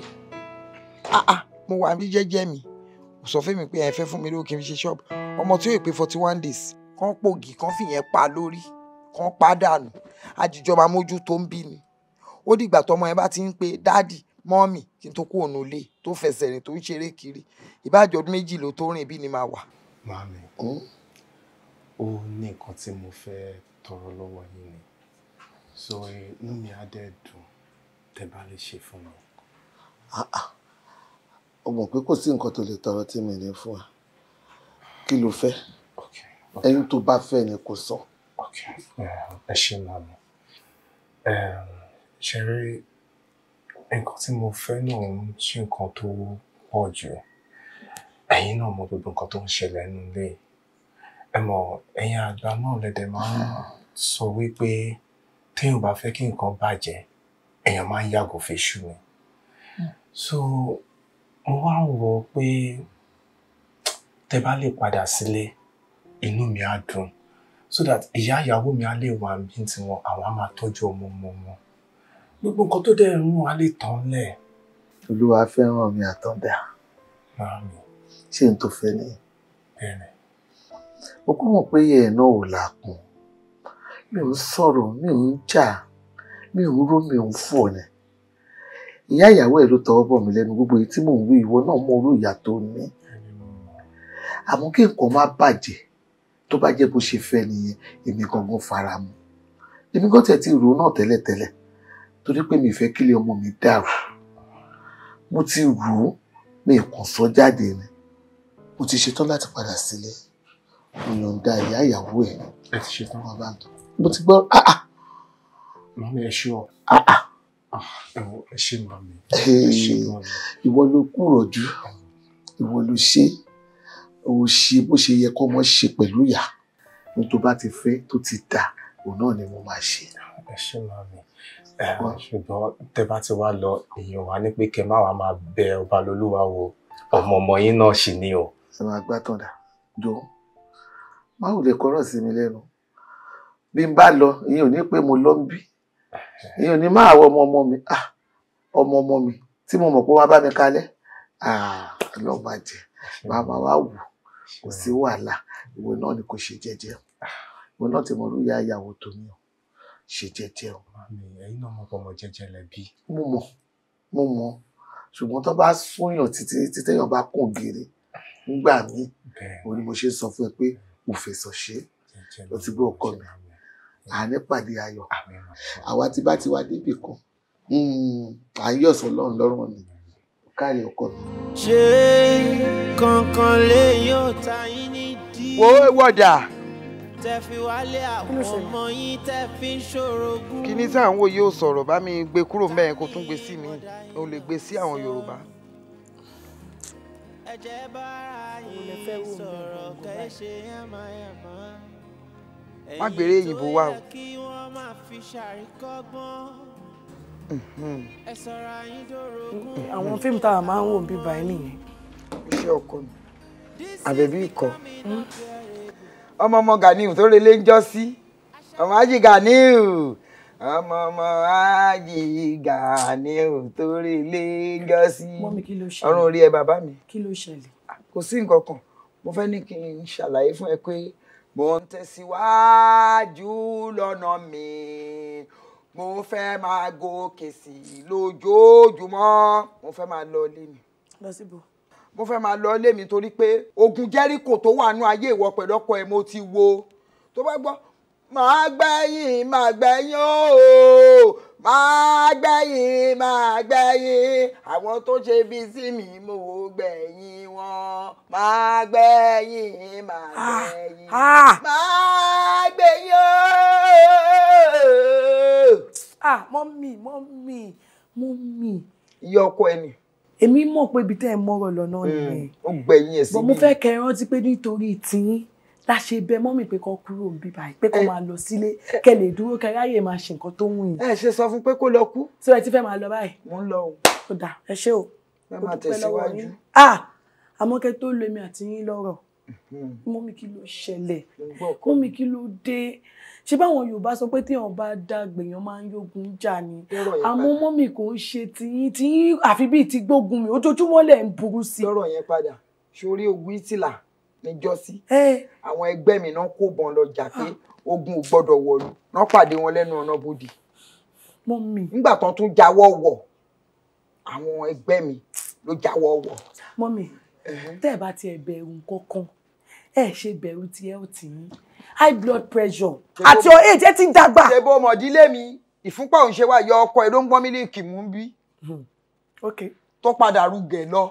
ah, ah, mo wà ní jẹ́jẹ́ mi kò sọ fún mi pé ẹ fẹ́ fún mi lówó kí n ṣe ṣọ́ọ̀bù ọmọ tí yóò pé forty one days kán pògì kán fìyẹn pa lórí kán pa dànù àjùjọba mójú tó ń bí ni ó dìgbà tọmọ ẹ bá ti ń pe dáàdì mọ́mì kí n tó kú òun lè tó fẹsẹ̀ rìn tó ń ṣeré kiri ìbáàjọ́ ọdún méjì ló tó rìn bí ni máa wà. màmí hmm? ó ní nǹkan tí mo fẹ́ tọrọ lọ́wọ́ yín ni so inú mi á dẹ̀ dùn tẹ́ bá lè ṣe fún mi. o mọ̀ pé kò sí nǹkan tó lè tọrọ tí mi ní fún wa kí ló fẹ́ ẹni tó bá fẹ́ ni kò sọ. ẹ ṣe máa mọ̀ ṣe rí nǹkan tí mo fẹ́ náà ń ṣe nǹkan tó pọ̀ jù ẹ̀yin náà mọ̀ gbogbo nǹkan tó ń ṣẹlẹ̀ nílé yìí ẹ mọ̀ ẹ̀yin àgbà náà lẹ́dẹ̀ máa ń sọ wípé téèyàn bá fẹ́ kí nǹkan bàjẹ́ èèyàn máa ń yàgò fèṣù ni so mo wá wò ó pé tẹ bá lè padà sílé inú mi á dùn so that ìyá ìyàwó mi á lè wà bí tiwọn àwọn á máa tọ́jú ọmọ ọmọ wọn gbogbo nǹkan tó dẹ̀ ń rún á lè tán lẹ̀. olúwa fẹ́ràn mi àtọ́dá ṣé n tó fẹ́ nìyí. bẹ́ẹ̀ ni mo kọ́ mọ̀ pé ẹ̀ náà ò làkùn mi ò ń sọ̀rọ̀ mi ò ń jà mi ò ń ró mi ò ń fọ̀ ni ìyá ìyàwó ẹ̀ ló tọwọ́ bọ̀ mí lẹ́nu gbogbo èyí tí mò ń wí ìwọ náà mọ orú ìyá tó ní àmọ́ kí nǹkan má bàjẹ́ tó bá jẹ́ bó ṣe fẹ́ nìyẹn èmi gangan fara mu èmi gan tẹ̀ ti rò náà tẹ́lẹ̀tẹ́lẹ̀ torí pé mi fẹ́ kílẹ̀ ọmọ mi dàrú mo ti rò ó mi kàn sọ jáde ni mo ti ṣetán láti padà sílé ìyọ̀ǹda ìyá ìyàwó ẹ̀. ẹ ti ṣe tán bàbá mi. mo ti gbọ́ ah, ah. màmí ẹ ṣe ọ ah, ẹ ṣe màmí ẹ ṣe màmí. ìwọ ló kúrọ̀jú ìwọ ló ṣe ò ṣe bó ṣe yẹ kọ́mọ ṣe pẹ̀lú ìyá ní tó bá ti fẹ́ tó ti dà òun náà ni mo máa ṣe. ẹ ṣe màmí ṣùgbọ́n tẹ bá ti wá lọ èèyàn wá ní pé kẹ má wàá máa bẹ ọba lolúwa wo ọmọ ọmọ yín náà sì ni o. ẹ máa gbá tàn dà má ò lè kọ́rọ̀ sí mi lẹ́nu bí n bá lọ ìyẹn ò ní pé mo lọ ń bí ìyẹn ò ní máa wọ ọmọ mi ah, ọmọ ọmọ mi tí mo mọ̀ pé wọ́n bá mi kalẹ̀ ah, lọ́ọ́ máa jẹ màmá wa wù kò sí wàhálà ìwọ náà ni kò ṣe jẹjẹ ìwọ náà ti mọ orí ìyá ìyàwó tó ní ọ ṣe jẹjẹ o. ẹ̀yin náà mọ̀ pé ọmọ jẹjẹ lẹ bí. mo mọ̀ mo mọ̀ ṣùgbọ́n tó bá súnyàn títí títẹ̀yàn bá kùn gèrè nígbà míì òun ni mo ṣe sọ fún ẹ pé mo fẹ̀sọ̀ ṣe ti gbọ́ ọkọ mi àní pàdé ayọ̀ àwa tí bá ti wá débì kan hmm, à ń yọ̀sọ̀ lọ́run lọ́rùn ni káàrí ọkọ mi. ṣé kankan lè yóò ta yín nídìí. wo wọ́dà tẹ fi wálé àwọn ọmọ yín tẹ fi ń ṣòrogún. kíní tí àwọn yóò sọ̀rọ̀ bá mi gbé kúrò mẹ́rin kó tún gbé sí mi ò lè gbé sí àwọn Yorùbá. ẹ̀jẹ̀ bára yìí sọ̀rọ̀ kẹ́ ṣe má gbèrè wa o. kí wọ́n fi ṣàríkọ́gbọ́n. àwọn a máa ń wò bí báyìí nìyẹn. iṣẹ́ ọkọ mi àbẹ̀bí ikọ̀ ọmọ ọmọ Ganiu tó relé ń jọ sí ọmọ Ganiu. ọmọ ọmọ àjìgà ni ò torí lẹ́gọ́sí ọrùn orí ẹ bàbá mi. kí ló ṣẹlẹ̀. Ah, kò sí nǹkan kan mo fẹ́ ní kí n ṣàlàyé fún ẹ pé mo ń tẹ̀síwájú lọ́nà mi mo fẹ́ máa gòkè sí lójoojúmọ́ mo fẹ́ máa lọ ilé mi. lọ síbò. mo fẹ́ máa lọ ilé mi torí pé ogun jẹ́ríkò tó wà nú ayé ìwọ pẹ̀lú ọkọ ẹ̀ mo ti wo tó bá gbọ́ máa gbẹ̀yìn máa gbẹ̀yìn ooo máa gbẹ̀yìn máa gbẹ̀yìn àwọn tó ṣe bí sí mi mo wò gbẹ̀yìn wọn máa gbẹ̀yìn máa ah, gbẹ̀yìn ah. máa gbẹ̀yìn ooo. ah mọ́mì mọ́mì mọ́mì. iye ọkọ ẹni èmi mọ̀ pé ibi tẹ́ ẹ mọ̀rọ̀ lọ́nà mm, nìyẹn. ó gbẹ̀yìn ẹ̀ sí mi. bọ́n mo fẹ́ kẹ́ ẹ rántí pé nítorí tiyín láṣẹ bẹ mọ́mì pé kọ́ kúrò ń bí báyìí pé kọ́ eh. máa lọ sílé kẹ́ lè dúró kẹ́ ráyè máa ṣe nǹkan tó wù yín. ẹ ṣe sọ fún pé kó lọ kú. tí wọ́n ti fẹ́ máa lọ báyìí. mo ń lọ o. ó dà ẹ ṣé o. ẹ máa tẹ̀síwájú. àmọ́ kẹ́ tó lo èmi àti yín lọ́rọ̀ mhm. mọ́mì kí ló ṣẹlẹ̀ mọ́mì kí ló dé ṣé báwọn Yorùbá sọ pé téèyàn bá dàgbà èèyàn máa ń yógun jà ni àmọ́ mọ́mì kò ń ṣe tiyín tiyín àfi bíi ti gbógun mi ojoojúmọ́ lẹ̀ ń burú sí i. lọ́rọ̀ yẹn padà sórí ogun ìtìlá níjọ́sí àwọn ẹgbẹ́ mi náà kó bọn lọ jà pé ogun ò gbọ́dọ̀ wọ̀lú náà pàdé wọn lẹ́nu ọ̀nà bòdì. mọ́mì. nígbà tán tún jáwọ́ wọ̀ àwọn ẹgbẹ́ mi ló jáwọ́ wọ̀. mọ́mì tẹ́ ẹ bá tiẹ̀ bẹ̀rù kankan ẹ ṣe bẹ̀rù tí ẹ ò tì í high blood pressure àti ọ èjẹ ti dàgbà. ṣe bó mọ̀dílé mi ìfúnpá òun ṣe wá yọ ọkọ ẹ ló ń gbọ́n mílíìkì mú bí. Hmm. tó padà rúgẹ̀ lọ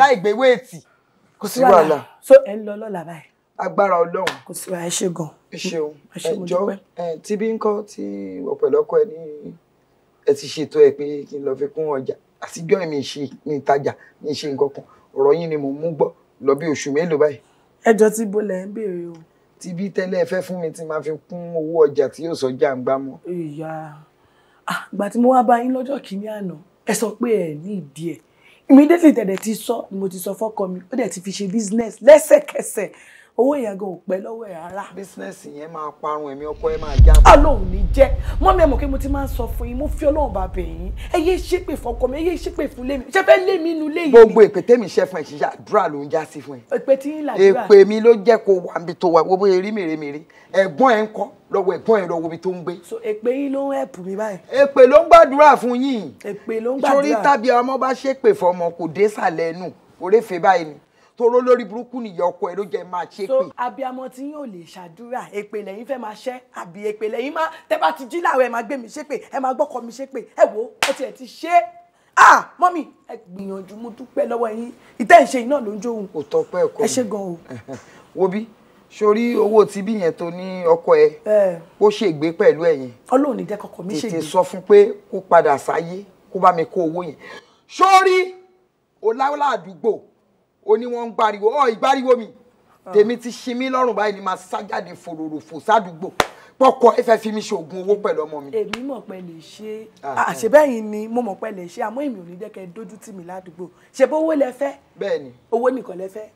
láì gbé wéètì kò sí wàhálà so ẹ ń lọ lọ́la báyìí. agbára ọlọ́run kò sí wàhálà ẹ ṣe gan. ẹ ṣeun ẹjọ tí bí ń kọ́ tí ọ̀pẹ̀lọ́kọ ẹ ní ẹ ti ṣètò ẹ pé kí n lọ fi kún ọjà àtijọ́ mi ṣe mi ìtajà mi ṣe nǹkan kan ọ̀rọ̀ yín ni mò ń mú gbọ́ lọ bí oṣù mélòó báyìí. ẹjọ tí bo lẹ ń béèrè o. ti bí tẹ́lẹ̀ fẹ́ fún mi tí máa fi kún owó ọjà tí yóò sọ jàǹgbá mọ́. ìyá àgbà ah, tí mo wá bá yín lọ́jọ́ kìíní àná ẹ sọ pé ẹ ní ìdí ẹ̀ immediately tẹ̀dẹ̀ ti sọ mo ti sọ fọ́kọ mi ó dẹ̀ ti fi ṣe business lẹ́sẹ̀kẹsẹ̀ owó yẹn gan ò pẹ́ lọ́wọ́ ẹ̀ rárá. bísínẹ́sì yẹn máa parun ẹ̀mí ọkọ ẹ̀ máa já. ọlọ́run ní jẹ́ mọ́ mi ẹ̀mọ́ kí mo ti máa ń sọ fún yín mo fi ọlọ́run bá bẹ̀ yín ẹ yé ṣépè fọkọ mi ẹ yé ṣépè fún lé mi ṣe fẹ́ lé mi inú lé yìí. gbogbo èpè tèmi ṣe fún ẹ ṣiṣẹ́ àdúrà ló ń já sí fún ẹ. èpè tí ń làdúrà. èpè mi ló jẹ́ kó wà níbi tó wà wo bó erí mèremère ẹ̀gbọ́n ẹ̀ ń kọ́ lọ́wọ́ ẹ̀gbọ́n ẹ̀ lọ́wọ́ ibi tó ń gbé. so èpè yín ló ń ẹ̀pù mi báyìí. èpè ló ń gbàdúrà fún yín. èpè ló ń gbàdúrà. torí tàbí ọmọ bá ṣépè fọmọ kò dé sàlẹ̀ nù oréfèé báyìí ni toró lórí burúkú nìyá ọkọ ẹ ló jẹ máa ṣe pé. so abiyamọ tí yóò lè ṣàdúrà èpè lẹ́yìn fẹ́ máa ṣẹ́ àbí èpè lẹ́yìn má tẹ́ bá ti jí láàárọ̀ ẹ máa gbé mi ṣépè ẹ máa gbọ́kọ mi ṣépè ẹ wo ó tiẹ̀ ti ṣe é ah mọ́mì ẹ gbìyànjú mo dúpẹ́ lọ́wọ́ yín ìtẹ́ ìṣe iná ló ń jó òun. kò tọpẹ́ ẹ̀kọ́ ẹ ṣe gan o. wo bí sórí owó tí bí yẹn tó ní ọkọ ẹ ó ṣègbé pẹ̀lú ẹ̀yìn ọlọ́run ní jẹ́ kọkọ mi ṣègbé tètè sọ ó ní wọ́n ń gbariwo ọ ìgbariwo mi ah. tèmi ti ṣí mi lọ́rùn báyìí ni màá sájáde fòròròfò sádùúgbò pọkọ ẹ fẹ́ fi mi ṣoògùn owó pẹ̀lú ọmọ mi. èmi mọ̀ pé lè ṣe àṣebẹ́yìn ah. ah, ni mo mọ̀ pé lè ṣe àmọ́ èmi ò ní jẹ́ kẹ́ dójú tì mí ládùúgbò ṣe bó owó lẹ fẹ́. bẹ́ẹ̀ni owó nìkan lẹ fẹ́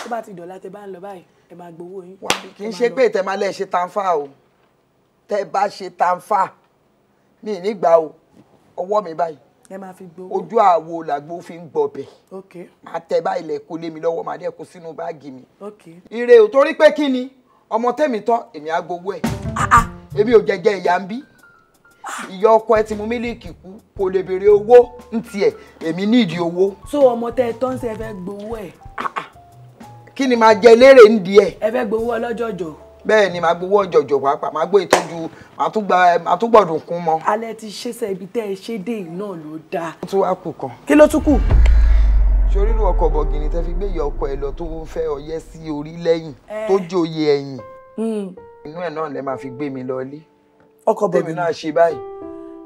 tó bá ti dọ̀la tẹ bá ń lọ báyìí ẹ máa gbowó yín. wà á kì í ṣe pé tẹ máa lẹ tanfa o tẹ bá ṣe tanfa mi ì ní o ọwọ́ mi báyìí ẹ máa fi gbowó ojú àwo làgbo fi ń gbọbẹ máa tẹ báyìí lẹkọ lé mi lọ́wọ́ máa dẹ kó sínú báàgì mi ire ò torí pé kí ni ọmọ tẹ̀mí tán èmi á gbowó ẹ̀ ah, ah. èmi ò jẹjẹ ìyá ń bí ah. ìyá ọkọ ẹ ti mu mílíìkì kú kò lè béèrè owó ń tiẹ̀ èmi nídìí owó. so ọmọ tẹ ẹ tán ṣe fẹ́ gbowó ẹ̀. kí ni màá jẹ lérè ń di ẹ. ẹ fẹ́ gbowó ọlọ́jọ́jọ́ bẹ́ẹ̀ ni màá gbowó ọ̀jọ̀jọ̀ pàápàá màá gbó ìtọ́jú màá tún gbọ̀dùn kún mọ́. alẹ́ ti ṣe ibi tẹ́ ẹ ṣe dé yìí náà ló dáa. ó tún wá kù kan. kí ló tún kù. sorírú ọkọ̀ bọ̀gìnì tẹ́ fi gbé ìyá ọkọ ẹ lọ tó fẹ́ ọyẹ́ sí orí lẹ́yìn tó jòyè ẹ̀yìn. Hmm. inú ẹ̀ náà lẹ máa fi gbé mi lọlé. ọkọ̀ bọ̀gìnì tèmi náà ṣe báyìí.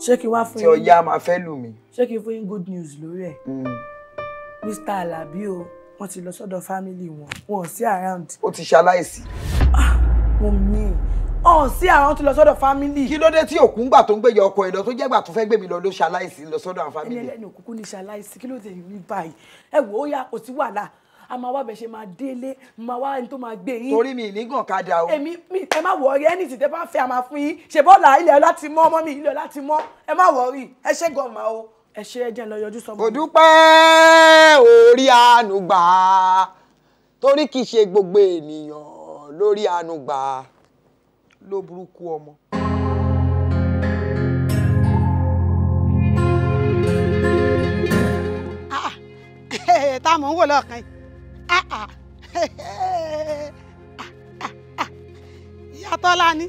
ṣé kí wá fún yín. ṣé kí hmm. wọ́n ti ṣaláìsí. Wùnmí ọ̀hún sí àwọn tó lọ sọ́dọ̀ fámìlì. kí ló dé tí òkú ńgbà tó ń gbèyà ọkọ ẹ lọ tó jẹ́gbà tó fẹ́ gbé mi lọ ló ṣaláìsí lọ sọ́dọ̀ àwọn fámìlì. ẹlẹ́ni òkùnkùn ní ṣaláìsí kí ló dé rí báyìí ẹ wò ó yá kò sí wàhálà a máa wá bẹ̀ ṣe máa délé máa wá ẹni tó máa gbé yín. torí mi ìnígàn kadà o. èmi mi ẹ má wọrí ẹni tí tẹ bá fẹ́ a máa fún yín ṣe bọ́ọ̀lù ilẹ̀ láti mọ́ ọmọ mi ilẹ̀ láti mọ́ ẹ má wọrí ẹ ṣe gọ̀ọ̀mà o ẹ ṣe ẹjẹ lọ yọjú sọmọ. kò orí àánú gbà torí kì í ṣe gbogbo ènìyàn lórí ànúgbà ló burúkú ọmọ. Ah, eh, tá a mọ̀ ń wò lọ́ọ̀kan yìí ah, ah, eh, eh, ìyá tọ́lá ni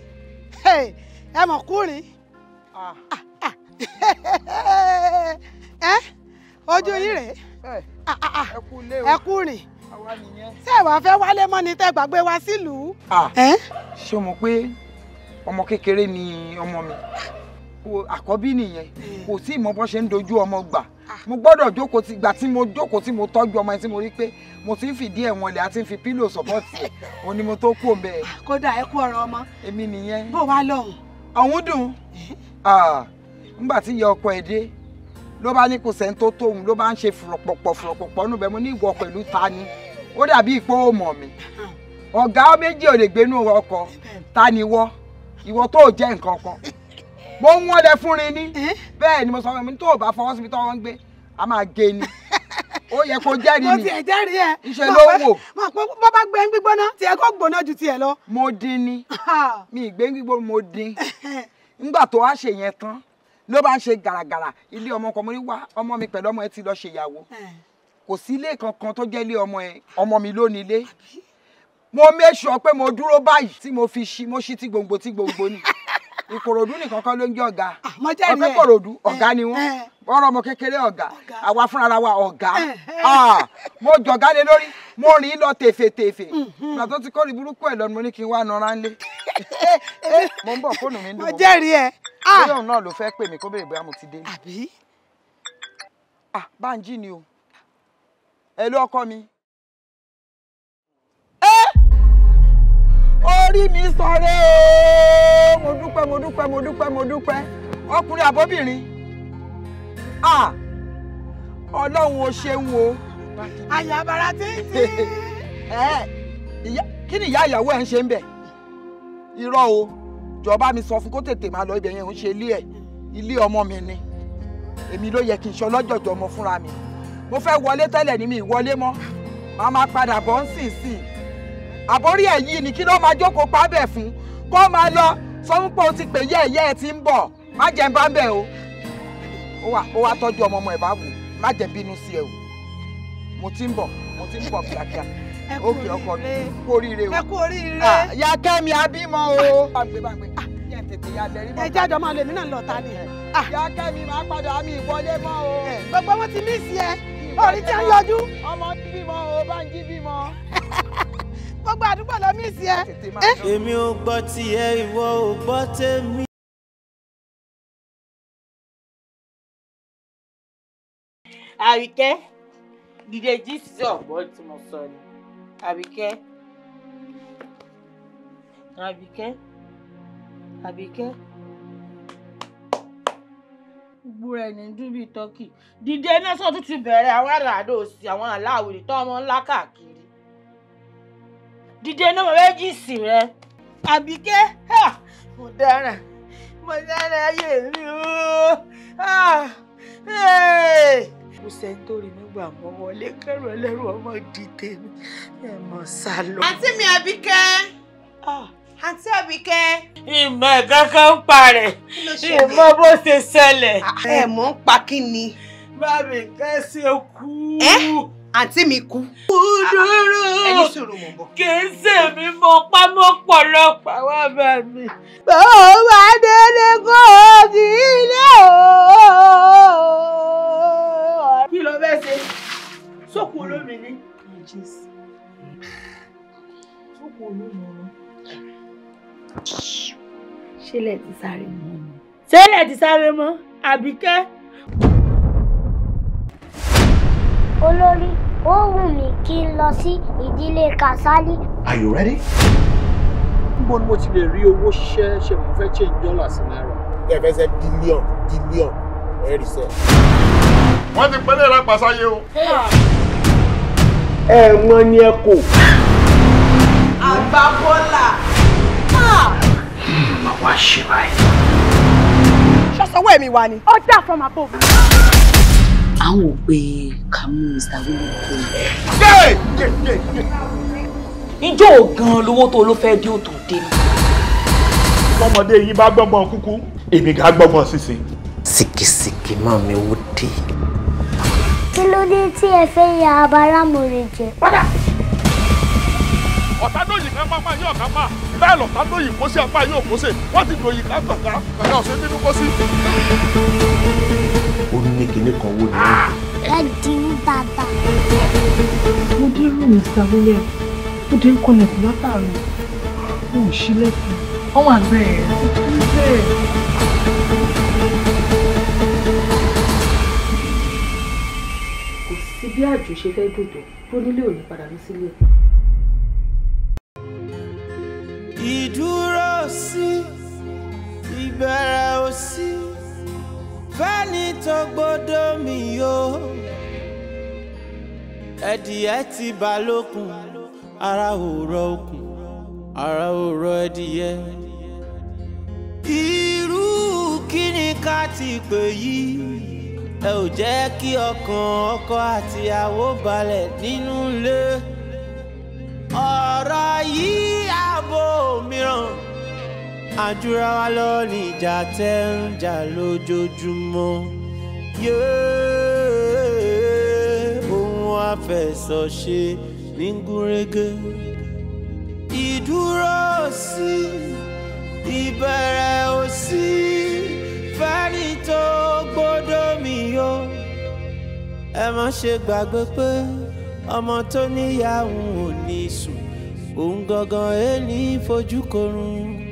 ẹ mọ̀ kúrin ojú yín rèé ẹ kú rìn ṣé ẹ wàá fẹ́ wálé mọ́ ni tẹ́ gbàgbé wá sílùú. ṣé o mọ̀ pé ọmọ kékeré ni ọmọ mi àkọ́bí nìyẹn kò tí ìmọ̀ bọ́ ṣe ń dojú ọmọ gbà mo gbọ́dọ̀ jókòó ti gbà tí mo jókòó tí mo tọ́jú ọmọ yẹn tí mo rí pé mo ti ń fìdí ẹ̀ wọn lẹ̀ àti ń fi pílò sọ́pọ́tì ẹ̀ òun ni mo tó kú òǹbẹ̀ ẹ̀. kódà ẹ kú ọ̀rọ̀ ọmọ. èmi nìyẹn. bó wá lọ́hùn. ọ̀hún dùn nígbà tí ìyá ọkọ ẹ̀ dé ló bá ní kò sẹ́ni tó tóun ló bá ń ṣe fùrọ̀pọ̀pọ̀ fùrọ̀pọ̀pọ̀ nù bẹ́ẹ̀ mo ní ìwọ pẹ̀lú ta ni ó dàbí ìpòwò mọ̀ mi ọ̀gá méjì ò lè gbénú ọkọ̀ ta ni wọ́ ìwọ tó jẹ́ nǹkan kan mo ń wọ́n lẹ fún rin ní eh? bẹ́ẹ̀ ni mo sọ fún mi tó o bá fọwọ́ sí mi tó wọ́n ń gbé a máa gé ni ó yẹ kó jẹ́rìí mi mo tiẹ̀ jẹ́rìí ẹ̀ iṣẹ́ ló wò mo pé bó bá gbé ń gbígbóná tiẹ̀ kó gbóná ju tiẹ̀ lọ. mo dín ni mi ìgbé ń gbígbó mo dín nígbà tó wá ṣe yẹn tán ló bá ń ṣe gàràgàrà ilé ọmọ kan mo ní wá ọmọ mi pẹ̀lú ọmọ ẹ ti lọ ṣèyàwó kò sí ilé kankan tó jẹ́ ilé ọmọ ẹ ọmọ mi ló ní ilé mo make sure pé mo dúró báyìí tí mo fi ṣí mo ṣí ti gbòǹgbò ti gbòǹgbò ni ìkòròdú nìkan kan ló ń jẹ́ ọ̀gá ọ̀fẹ́ ah, kòròdú ọ̀gá ni wọ́n eh, eh. ọ̀rọ̀ ọmọ kékeré ọ̀gá àwa fúnra wa ọ̀gá eh, ah, mo jọ̀gá lé lórí mo rìn lọ tèfètèfè mm-hmm. ìgbà tó ti kọ́ rí burúkú ẹ̀ lọ́nu mo ní kí n wá nọra ńlẹ̀ mo ń bọ̀ fóònù mi ń dùn mo jẹ́rìí ẹ̀ bóyá ah. òun náà ló fẹ́ pè mí kó béèrè bóyá mo ti dé. Bánjí ni o ẹ ló ọkọ mi. ẹ orí mi sọ̀rẹ́ o mo dúpẹ́ mo dúpẹ́ mo dúpẹ́ mo dúpẹ́ ọkùnrin àbóbìnrin ọlọ́run ò ṣeun o. àyàbàrà tí ń tì. kí ni ìyá ìyàwó ẹ̀ ń ṣe ń bẹ̀ irọ́ o jọba mi sọ fún kó tètè máa lọ ibẹ̀ yẹn ń ṣe ilé ẹ̀ ilé ọmọ mi ni èmi ló yẹ kí n ṣe ọlọ́jọ̀jọ̀ ọmọ fúnra mi. mo fẹ́ wọlé tẹ́lẹ̀ ní mi ìwọlé mọ́ màá máa padà bọ ń sìn sìn àbórí ẹ̀ yìí ni kí ló máa jókòó pábẹ̀ fún kó máa lọ sọ ti pè yẹ́ẹ̀yẹ́ ẹ ti ń bọ̀ má jẹ́ bá ń bẹ̀ o ó wà ó tọ́jú ọmọ ọmọ ẹ̀ bá wù má jẹ́ bínú sí ẹ o mo ti ń bọ̀ mo ti ń bọ̀ kíákíá òkè ọkọ mi kú oríire o ẹ kú oríire ah, ah. Ah, ya kẹ́mi abímọ o. ẹ náà lọ ta ni. ya kẹ́mi máa padà mi ìwọlé mọ́ o. gbogbo wọn ti mí ẹ. orí tí ń yọjú. ọmọ ti bímọ o bá ń jí bímọ. gbogbo àdúgbò ló mí sí ẹ. èmi ò gbọ́ tiẹ̀ ìwọ ò gbọ́ tèmi. àríkẹ́ dìde jí sí ọ̀gbọ́n tí mo sọ ni àríkẹ́ àríkẹ́ àríkẹ́ búra ẹni dún bíi tọ́kì dìde nẹ́sọ̀ tún ti bẹ̀rẹ̀ àwọn àràdó sí àwọn aláwìrì tó ọmọ ńlá káàkiri dìde náà méjì sí rẹ àbíké mo dáràn mo dáràn ayé mi ooo kò sẹ́ni tó rí nígbà mọ́ wọlé kẹ́rù ẹlẹ́rù ọmọ dìde mi ẹ̀ mọ̀ sá lọ. àǹtí mi àbíké. Ah! àǹtí àbíkẹ́. ìmọ̀ kankan ń pa rẹ̀ ìmọ̀ bó ṣe ṣẹlẹ̀. Ah, ẹ mọ̀ ń pa kí ni. báàbí kẹ́ kú. ẹ àǹtí mi kú. kúdúrú ah, ah, kì í ṣe mi mọ pámọ́ pọ̀lọpọ̀ wá bá mi. bó o bá délé kó o kì lé o. kí ló fẹ́ ṣe sókun olómi ni. sókun olómi ni ṣẹlẹ̀ ti sáré mọ́ ni. ṣẹlẹ̀ ti sáré mọ́ àbíkẹ́. olórí ó wù mí kí n lọ sí ìdílé Kasali. Are you ready? níbo ni mo ti lè rí owó ṣiṣẹ́ ṣe mo fẹ́ change dollar sí náírà. ẹ fẹ́ ṣe bílíọ̀n bílíọ̀n ẹ sẹ́. wọ́n ti pẹ́lẹ́ ra pàṣáyé o. ẹ̀ẹ̀mọ ni ẹ kò. àgbà bọ́là mà wá ṣe báyìí. ṣọ́sọ́wọ́ ẹ̀mí wa ni. ọjà from above. I will be coming, mú Mr. william kó o. Injo gan lówó tó ló fẹ́ẹ́ dé òtò dé mi. ọmọdé yìí bá gbọ́ngbọ́n kúkú èmi gà gbọ́ngbọ́n sísìn. sìkìsìkì máa mi wó dé. kí ló dé tí ẹ fẹ́ ya abárámọ̀rẹ̀ jẹ. padà ọ̀tá lóyìn ká má má yín ọ̀ká má bẹ́ẹ̀ lọ̀tá lóyìn kó sí apá yóò kó sí wọ́n ti dòyìn ká tọ̀ká kàkà ọ̀sẹ̀ nínú kó sí. ó ní kinní kan wó ni. Ah! ẹ dín bàbá. mo dé rú Mr. William ó dé ń kọlẹ̀kùn látàrí mo ò ṣílẹ̀kùn ọmọ àgbẹ̀ ẹ̀ ti kú bẹ́ẹ̀. bí àjò ṣe fẹ́ dòdò tó nílé ò padà lọ sílé ẹ̀ ìdúró sí ìbẹ̀rẹ̀ ò sí fẹ́ni tó gbọ́dọ̀ mi yó ẹdìyẹ ti bá lókun ara ò rọ ara ò rọ ẹdìyẹ. irú kí ni ká ti pè yìí ẹ ò jẹ́ kí ọkàn ọkọ àtìyàwó balẹ̀ nínú ilé ọ̀rọ̀ yìí ààbò mìíràn àdúrà wa lọ ní ìjà tẹ́ ń jà lójoojúmọ́ ohun àfẹsọ̀ṣe ní gúrégé ìdúró sí ìbẹ̀rẹ̀ òsì fẹ́ni tó gbọ́dọ̀ mi yó ẹ má ṣe gbàgbé pé ọmọ tó níyàwó ò ní sùn òun gangan ẹni fojú korun.